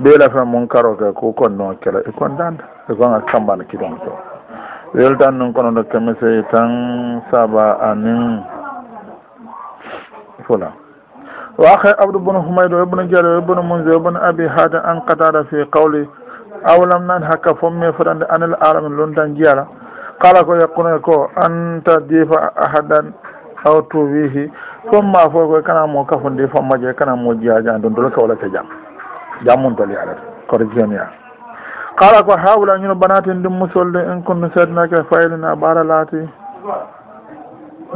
ɓeylata mon karoke ko konno kela e kondanta e gonga kambana kiɗon to weltan non kono ɗo kemisey tan saba anin fula waaka abdou bono humaydo ebono jeelo ebono mungé ebono abi haade an katada fi kawli awlam nani hakka fomme fotande anel alami lon tan jeyala kala ko yakkunoy ko anta difa ahadan aw tuwihi fomma fo koy kanamo kafondi fammaje kanamo jeyajan don dolo ka wala ke jam jammuntali alat corrigionia kala ko hawla ñuno banaten ndimmusolle en konno seednake faylina ɓaara laati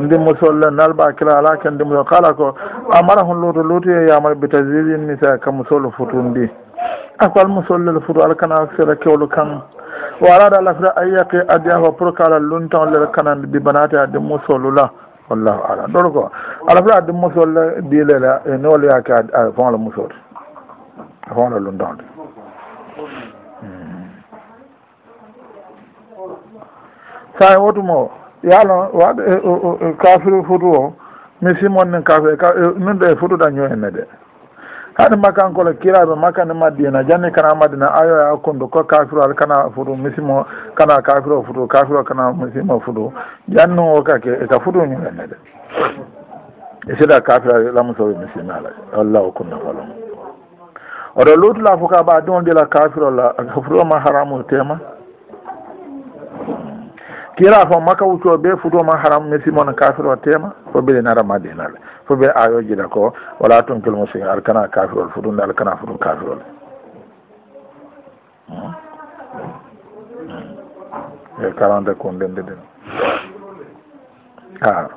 ndimmusolle nalba kila alaken ndimmusolle kala ko a mara hon luuto luutoye yamat ɓe ta jirinni sa kamusolle foto ndi ako almusollel foto alkana seeɗa kewlu kan o arada alla fita ayiyaki adiyafa pour que ala luntan lel kanandi ɗi banate a dimmusollu la wallahu alam ɗoto ko ala fita a dimmusolle dilela e nooloyake a fon ala musolde hoono lundonde hmm. sa e wotumo yaalo waɗ kafiru futu o mi simonnin kafir e, minde futu da ñoo enne de hade makkankole kiraɓe makkande madina janni kana madina ayoy e hakkundu ko kafiru ad kana futu misimo kana kafiro futu kafiro kana misimo futu janni o kake e ka futu ñoo enne de e sida kafiraɗe lamusowi misimi alay wallahu kunna falamu oɗo lowtula fo ka ɓaa dumo mbiyla kafirolla furoma haramu tema kiira fo makka wuccoo be futoma haram misimono kafir o tema fo ɓeɗi nara madinale fo ɓe ayojida ko wala tonkel musiki alkana kafirol futude alkana futu kafirol hmm? hmm. e karante ko ndendeden a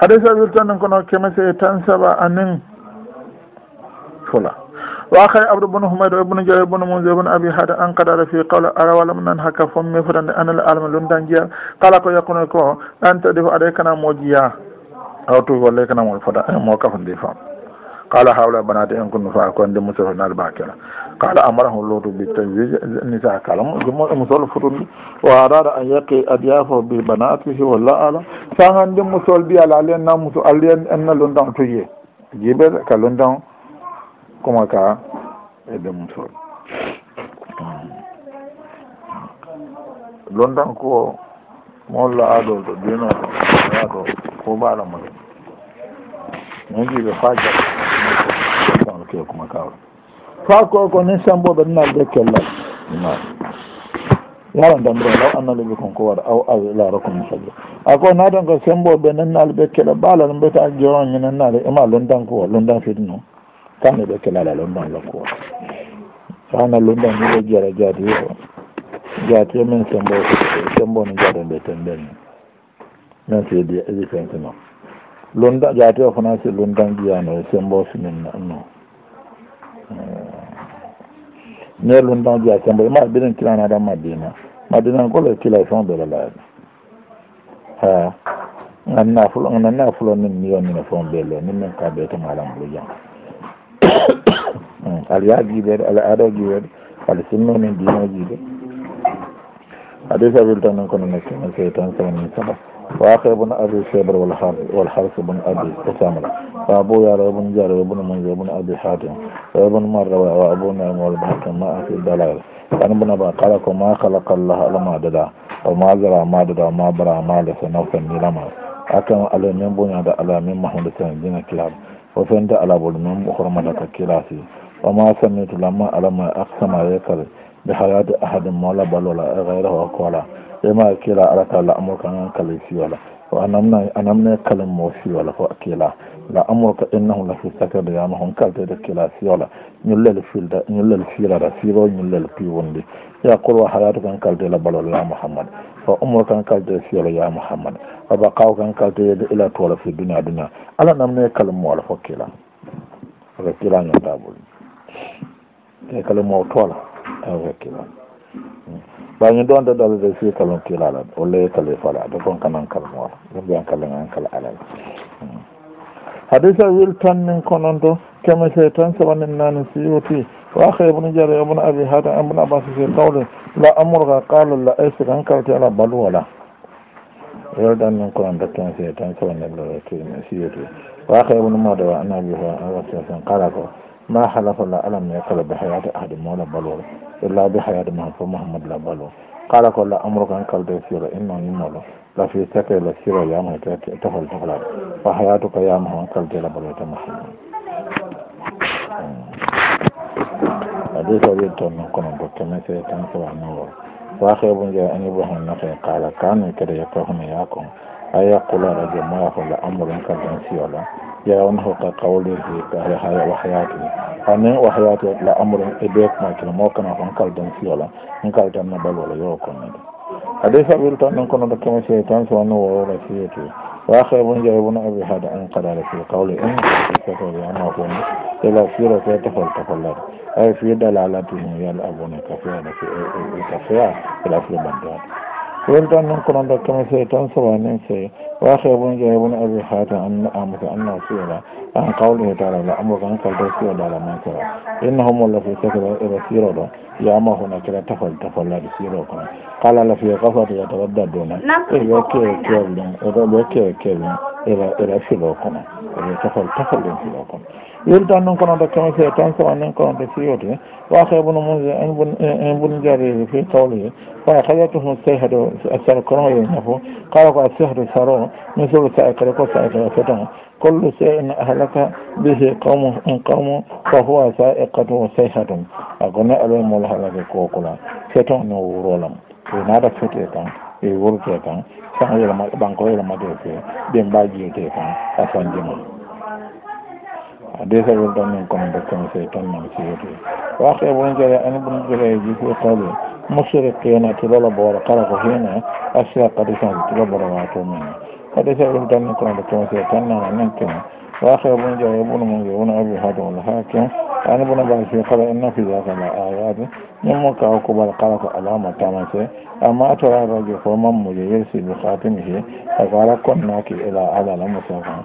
hade sa wirtanen kono kemese tan saba anen fula wa akhare abdou bono humaydo ibnu dio ibnu mouso ibnu abi hada enkadara fi qawla arawalam nan hakka fom mi fotande anala alama lum dan jiya kala ko yakkuno ko ɗante defo aɗa kana mojiya aw tuy walla kana mo fota mo kafandi fam kala hawla banade en kunu faa konde musohonal bakela kala amarahu lotu bi tawiji nisa kala musol futun wa rara a yakki adiyafo bi banatihi walla ala sa gandi musol mbiyalalen na muso alliyen enna lundan tuye jibede ka lundan kuma ka eɗen muso londan ko molla aɗo ɗo jeno aɗo ko mbaɗa mo nejiɓe fajake kuma ka fa ko ko nen sambooɓe nal de kellal ma yaran dambre law annaleɓe kon ko waɗa aw awi la rakum sabi a ko naatan ko semboɓe nennaali ɓe keɗa mbaalano mbiyata jowaie nennaali ema londanko wa londan fedi noon tanni ɓe kelala lumban lokku o fana lumban ɗiɗo jere jaati o jaati o min sembo sembono jaɗo nde tembenni min sidi exifentino lunda jaati o fana si lundan jiyano e sembo simin no eh, ne lundan jiya sembo ma biɗen kilanaɗa madina madina golo e kila e fond de la laaɓi e. ha ganna fulo gananna fulo min niyonina fond ɓelle ni min kaɓe to malamolu jang alya jiɓeɗe ala aada jiɓeɗe ala simmimin dino jiɓe haɗi sabil tan non kono nekkemen seytan samanmin sama waake bono abi sebre wala har wala harse bono abi osamra wa abou yaro bono jaro bono mange bono abi hatim bono marra wa wa abou naim wala bahakim ma afi dalal kan bono ba kala ko ma kalaka llah alama dada o ma gara ma dada ma bara ma lese nawfen nirama akam ala min boñada ala min mahmude sen dina kilaɓe o fente ala bolo min hormata ka kilasi wa ma samitu lamma alamma aksama ye kare be hayati ahadin mola balola e gayra wa kola e ma kila ala ta la amur kan an kale fi wala wa anamna anamna kale mo fi wala ko kila la amur ka innahu la fi sakad ya ma hon kalte de kila fi wala nyullel filda nyullel fila da fi ro nyullel pi wonde ya qul wa hayatu kan kalte la balola ya muhammad wa umur kan kalte fi wala ya muhammad wa baqaw kan kalte de ila tola fi dunya dunya ala namna kale mo wala ko kila ko kila nyanta bolni e kala mo toola en wekki noon ɓañi hmm. ɗon daɗalade fi kalam tilalan e o leytale fala ade fon kanan kala moola ɗum mbiyan kala an kala alal hmm. hadisa wil tan min konon to kemete tan sewanin nani siwti waaka ibnu jara ibnu abi hatam ibnu abbas fi kawle la amourka qala la aysik an kala tiala balu wala yeldan min konon to kemete tan sewanin lo kimi siwti waaka ibnu madawa an abi hoa an rasulasan qala ko ما حلف الله ألم يقل بحياة أحد مولى بلور إلا بحياة محفو محمد لبلور قال كل أمرك أن قلت يسير إنه نمولو لا في سكي لا سيرة يا مهتة تفل تفعل فحياتك يا مهتة قال ديلا بلور محمد حديث أبي تون كنا بكما سيتم سبع نور واخي ابن جاء أن إبراهيم نقي قال كان كده يكرهني ياكم أي يقول رجل ما يقول أمر كان يسير يرون هو كقوله في أهلها وحياته أنا وحياتي لا أمر إبيك ما كلا ما كان فان كالدن فيولا إن دم نبل ولا يوكون هذا سبيل التان نكون نتكلم شيطان سوى نور ولا فيته وآخر من جاي أبي هذا أن قدر في قول إن كتبه لأنه كون إلى سيرة تفل تفلت أي في دلالته يا الأبو نكفيه نكفيه إلى في بندات weltan noon ko noon dokkami see tan sowanin se waahee bon jeey bon abi hatim an amata anna siyoɗa an kawle he taala la amba kankal to siyoɗala mansara innahumalla fi sakira ira siro ɗo yama huna kira tafal tafallaɗi siro kon kala la fiya kafata ya tawadda duna eɓe kewe kewɗen eɓe kewe kewɗen ira ira filo kono eɓe tafal tafalɗen filo kono yeri tan noon kono to commissaire tan so onen kono to siwote waaka bono mune en bon jareri fe sawloye waya haƴatto hon sehdo sar koroye nafo kala ko a sehdo saro mais sur le saekare ko saekare feton kollo se en ahlaka bihi qawmu en qawmu fa howa sa eqatu sehatum agone alo mol halake kokola feton ne wurolam e nata fete tan e wurte tan san yelama ɓanko yelamade fe ɓe mbajiyote tan a fandima desawel tan min kono de conseil tan min seedi waxte bon jere ani bon jereji fi qoɓe mossire keena tilola booro kala ko heene asia kadisan tilo boro wato min kadi sawel tan min kono de conseil tan nana nen kene waxte bon jere bono mo je wono abi hadoola ha ken ani bono mbaɗi fi kala en nafidakala ayade ñimmo kaw koɓal kala ko alama tamase amma atora radio fo mammo je yersiɓe katimi he ako ala konnaki ila alala mosafan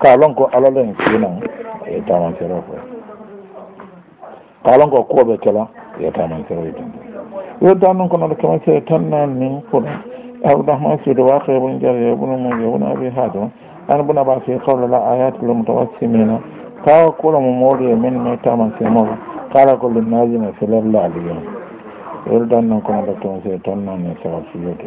kaalon e ko ala len kinan ye tamankero fo kaalon ko kuoɓe kela ye tamankero yi dun yo dannon ko noɗo kemakee tan nan ni kono abdourahman sude wa xeɓon jar yeɓuna mum yeɓuna abi hadam an buna ɓa fi qawlala ayatle mutawassimina kawa kula mo mawɗo e min ma tamankemoo kala ko linnajina felel laaliyon yoɗo dannon ko noɗo kemakee tan nan ni sawa fiyoto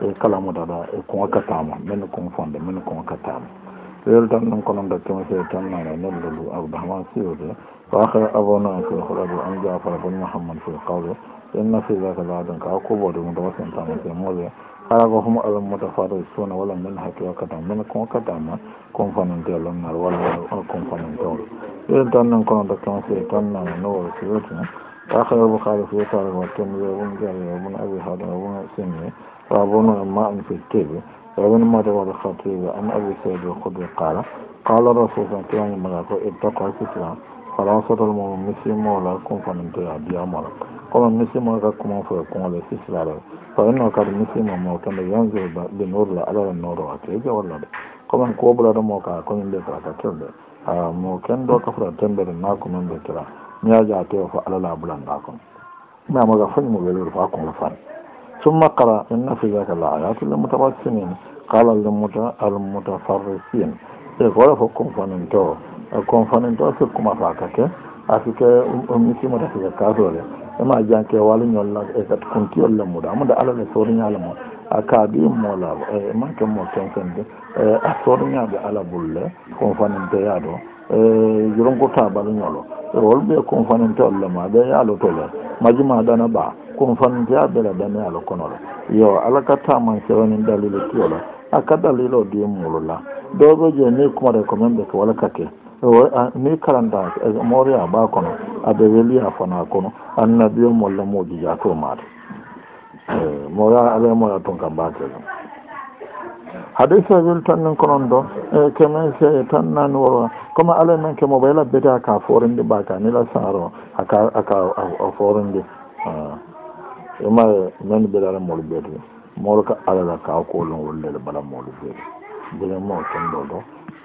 e kalamudaɗa e kon akkatama min kon fonde min kon akkatama yel tan ɗum kono gaccima fewi tan nana nellolu abdourahman siode waaka abono en fii huɗaɗo am jafara bon mouhammad fi kawle inna fi zaka laadan ka kuɓode mum dawasintama fe moole hara ko homo alam mutafaɗo suuna walla min hakki wakkatama min kon akkatama kon fanantelonnar walla kon fanantewlo yel tan ɗum kono gaccima fewi tan nana nowol siwetin waaka yobo kaalo fiyetare ko temle wun jare wun abi haɗa wun sinni رابون ما في التيب رابون ما دوا الخطيب أن أبي سيد الخضر قال قال الرسول صلى الله عليه وسلم اتقوا الفتنة فلا صد المؤمن مسلم ولا كن فلم تلع ديامرا قال مسلم ولا كما فيكون على سيسر على فإنه كان مسلم موتنا ينزل بنور على النور وكيف ولا دي قال أن كوبلا دموكا كن لك لك كلب mo ken do ka fura tembere nako men be tira mi yaja tewo fo alala bulan nga kon mi amaga fañmo welwel fa kon la fani summa qara inna fi daka l ayatu li mutawassimin qala al mutafarrisin e kole fo confanento confanento sikkuma fakake asike misimota sike kasole ema janke wala ñolla ekat kuntiyol lemmuda amude ala le soriñalemo a kaadi molaɓo e manke mo kensende a soriñaɓe ala bulle confanenteyado E jurongota ɓalñolo e wolɓe confanente olla maɓe yalotole maji ma ɗana ɓa confanente a ɓela ɗane yalo konolo yo ala kattaman sewani dalilo kiyolo aka dalilo di mulola dowɓe je ni kumare ko men ɓe ko wala kake e ni karanta moriya ɓa kono aɓe weliya fana kono annabiyo molla mojijato maade moya ala moya ton kam ba kelam hade fewel tan nen ko noon ɗo e keme se tan nani wolwa comme alay men ke mo ɓay labbete aka forindi ɓakanila saro aka aka a forindi ima e men ɓeɗare molo ɓeti molo ka alala kaw kolon wollele bala molo ɓeti bele mo kenɗo ɗo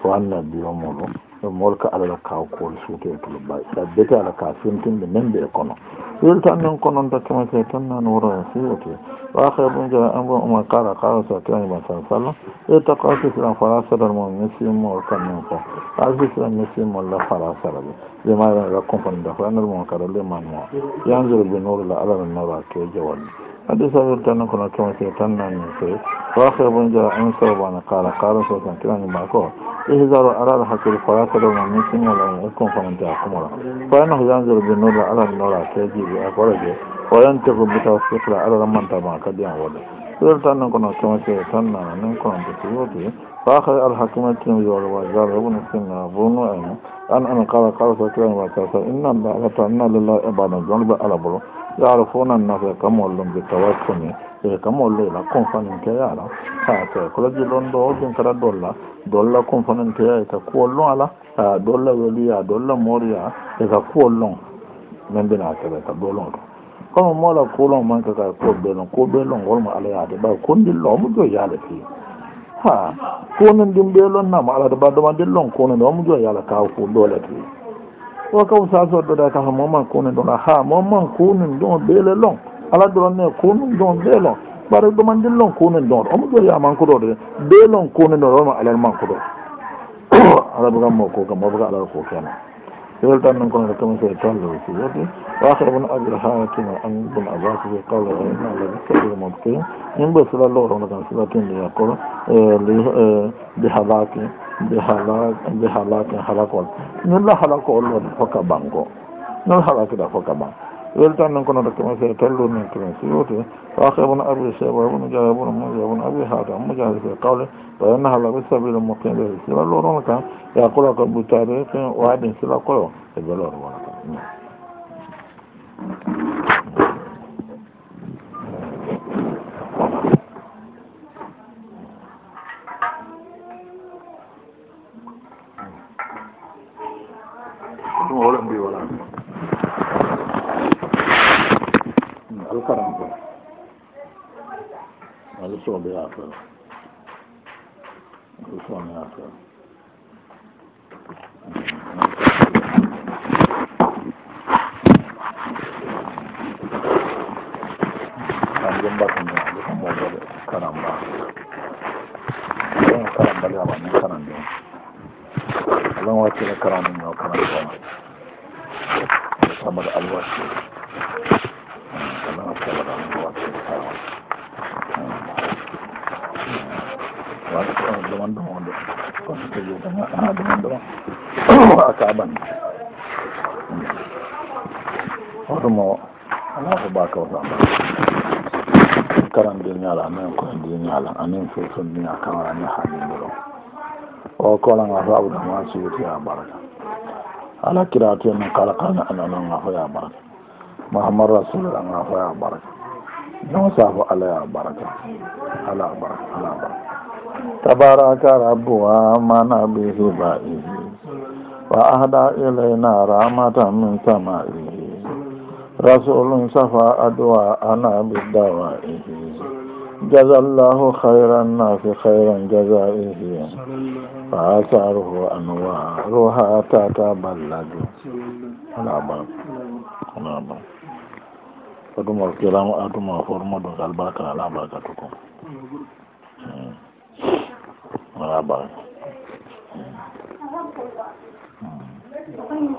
to anna biyo molo ɓe molka allah kaw kool sutoytulo mbawi ɗabbete ala ka fintinde nembe e kono wilta min konon dakkema fe tan nan wuro en siwoti waaha ɓum jara embo uma kara kara sa kiranima sa sallam e takko asisilan fala sarar mo messimo kamnen fo asisilan messimolla fala sarabe ɓe maɗan ra compagnie d' affaire andere mon kara lemman mo yangere ɓe nuurola alana nora keje wonde adi sawel tanne kono keme fe tan nanni fe waake bon jara am sawbana kala kala sotan kirani ma ko ihisaro arara hakkille fayakadoma min siñola e compagnie da kumora fayno ko yangere ɓe nuurola alana nora kejiɓe akorade oyantego bita fitra alaramantama kadi an woda sawel tannen kono keme fe tan nana nin konante siwoti fakhay alhakima tirmidi wala wa jar rabuna sinna bunu ayna an an kala kala so tirmidi wa kala inna ba'da ta inna lillahi ibada jonu ba ala bulu ya ala funa nafe kamollum bi tawakkuni e kamolle la konfaninke yala ha te kula ji don do din kala dolla dolla konfaninke ya ta kuollon ala ha dolla weliya dolla moriya e ka kuollon men bina kebe ta dolon comme mola kuulon manke kay ko belon ko belon gol mo ala yade ba kondillo mo joyale fi fa konen ɗim ɓeelon nama alada baddoma dellon konen ɗo omojo yaala kaw fo ɗoleti o kaw sa soddoda kaha moman konen ɗon aha moman konen ɗon ɓeele lon aladoonne konen ɗon ɓeelon ɓara ɗoman dellon konen ɗon ɗo omo jo ya mankoɗoɗe ɓeelon konen ɗon ɗoma alan mankoɗo alaɗo gammo ko kam mofoka alaɗa ko kenan sewel tan non kono tomi kode talla aussi wadde waaka ibne abil hakima an ibne abaka fi qawla ibne alladi kabira mam kayi min ɓe sila lowrono kam sila tinde yakkolo e li bi halaki bihala bi halakin halakol min la halako ollode foka banko min halakida foka ban weltan nan kono dokke mae fee tallu min kemi siwote faakebono abi sebabono jahabono mujabono abi hata mujahade fe kawle bayanahalaɓe sabila mokin ɓe sila loronaka yakula ko ɓutade ko waɗin sila koyo e belorowonaka 我做那个。siyoti ya baraka ala kirati na kala kan ana na ngafa ya baraka muhammad rasul na ngafa ya baraka don safa ala ya baraka ala baraka ala baraka tabaraka rabbuwa mana bihi ba'ihi wa ahda ilayna rahmatan min sama'ihi rasulun safa adwa ana bidawa'ihi jaza allahu hayran nafi hayran jazaihi fa asaruhu anwaruha tataballadu nabam nabam aɗumo kiram aɗumo formodo galbaka alabaka tukum naba hmm. hmm.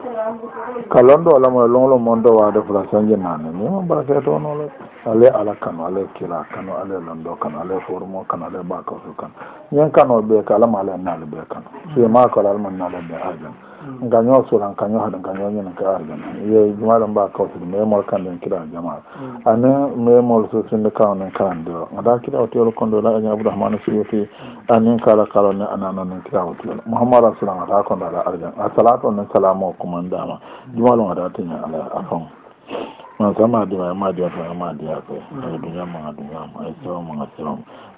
kalonɗo alamo e longlo mon ɗo waade fula sañje nane mimo mbaseto onolo ale ala kanu ale kira kanu ale lando kanu ale forumo kanu ale bakaso kanu ñin kanoo ɓee ka alama ale naale ɓee kanu mm. suyimaa kala alama naale ɓee argana mm. ngañoo suran kañoo hade ngañoo ñin ke argana ye jumaɗe mba kawtude mayemol kanden kira jamaa mm. ane mayemol so sinde kawnen kaande o ada kirawtiyol kondo la añi abdourahmane suyiti anin kala kala ne anano nen kirawtiyol mouhammad a suran ata kondo ala argana a salato ne salamo kumandama jumaɗo ngada teñi ala a fong ma sa maadi ma maadi ako maadi ako ay duñam maa duñam ay sewo maa sewo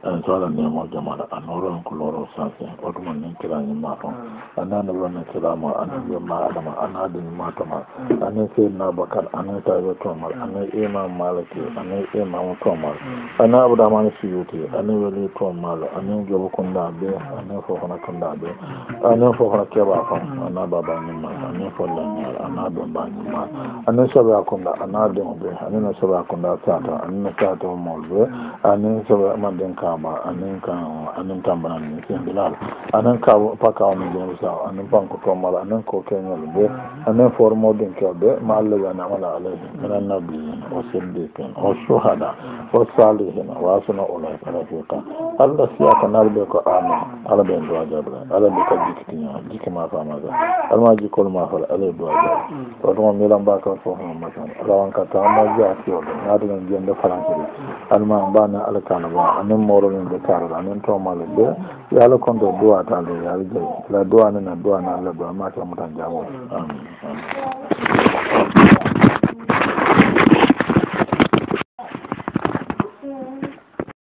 en zala nemol jamaɗa an oro hanko looro sensé otuman nin kirañimma toon anani wonne kirama ani yomma adama ana adanima toma ani seydna bakar ani tawe tomal ani imam malaki ani imamu tomal ani abudamani suyuti ani weli tomal ani jobo kunda be ani fofona kunda be ani fofona keɓa kom ana babañimma ani folleñer ana bembañimma ani soɓe akunda ana deo be anino soɓe akunda sata anino sata mol be ani soɓe mandinkam nama anin kan anın kan bana ni sin bilal anin ka pa ka on don sa anin ban ko tomal anin ko kenyal be anin formo din ka be ma Allah ya nama la alai nabi o siddiqin o shuhada o salihin wa suna ulai farafika Allah siya ka narbe ko amin ala be do ajabra ala be ka diktinya dikma fa ma ga alma ji kol ma fa ala do ajabra to to mi lan ba ka fo ma ma kan ala wan ka ta ma ja ti o na dun jende faransi alma bana ala kana ba anin moro ɓaro min ɓe tarata min tomale ɓe yo allah kon do duwa taalde yo allah jawi la duwa nena duwana allah duwa matamo tan jamo amin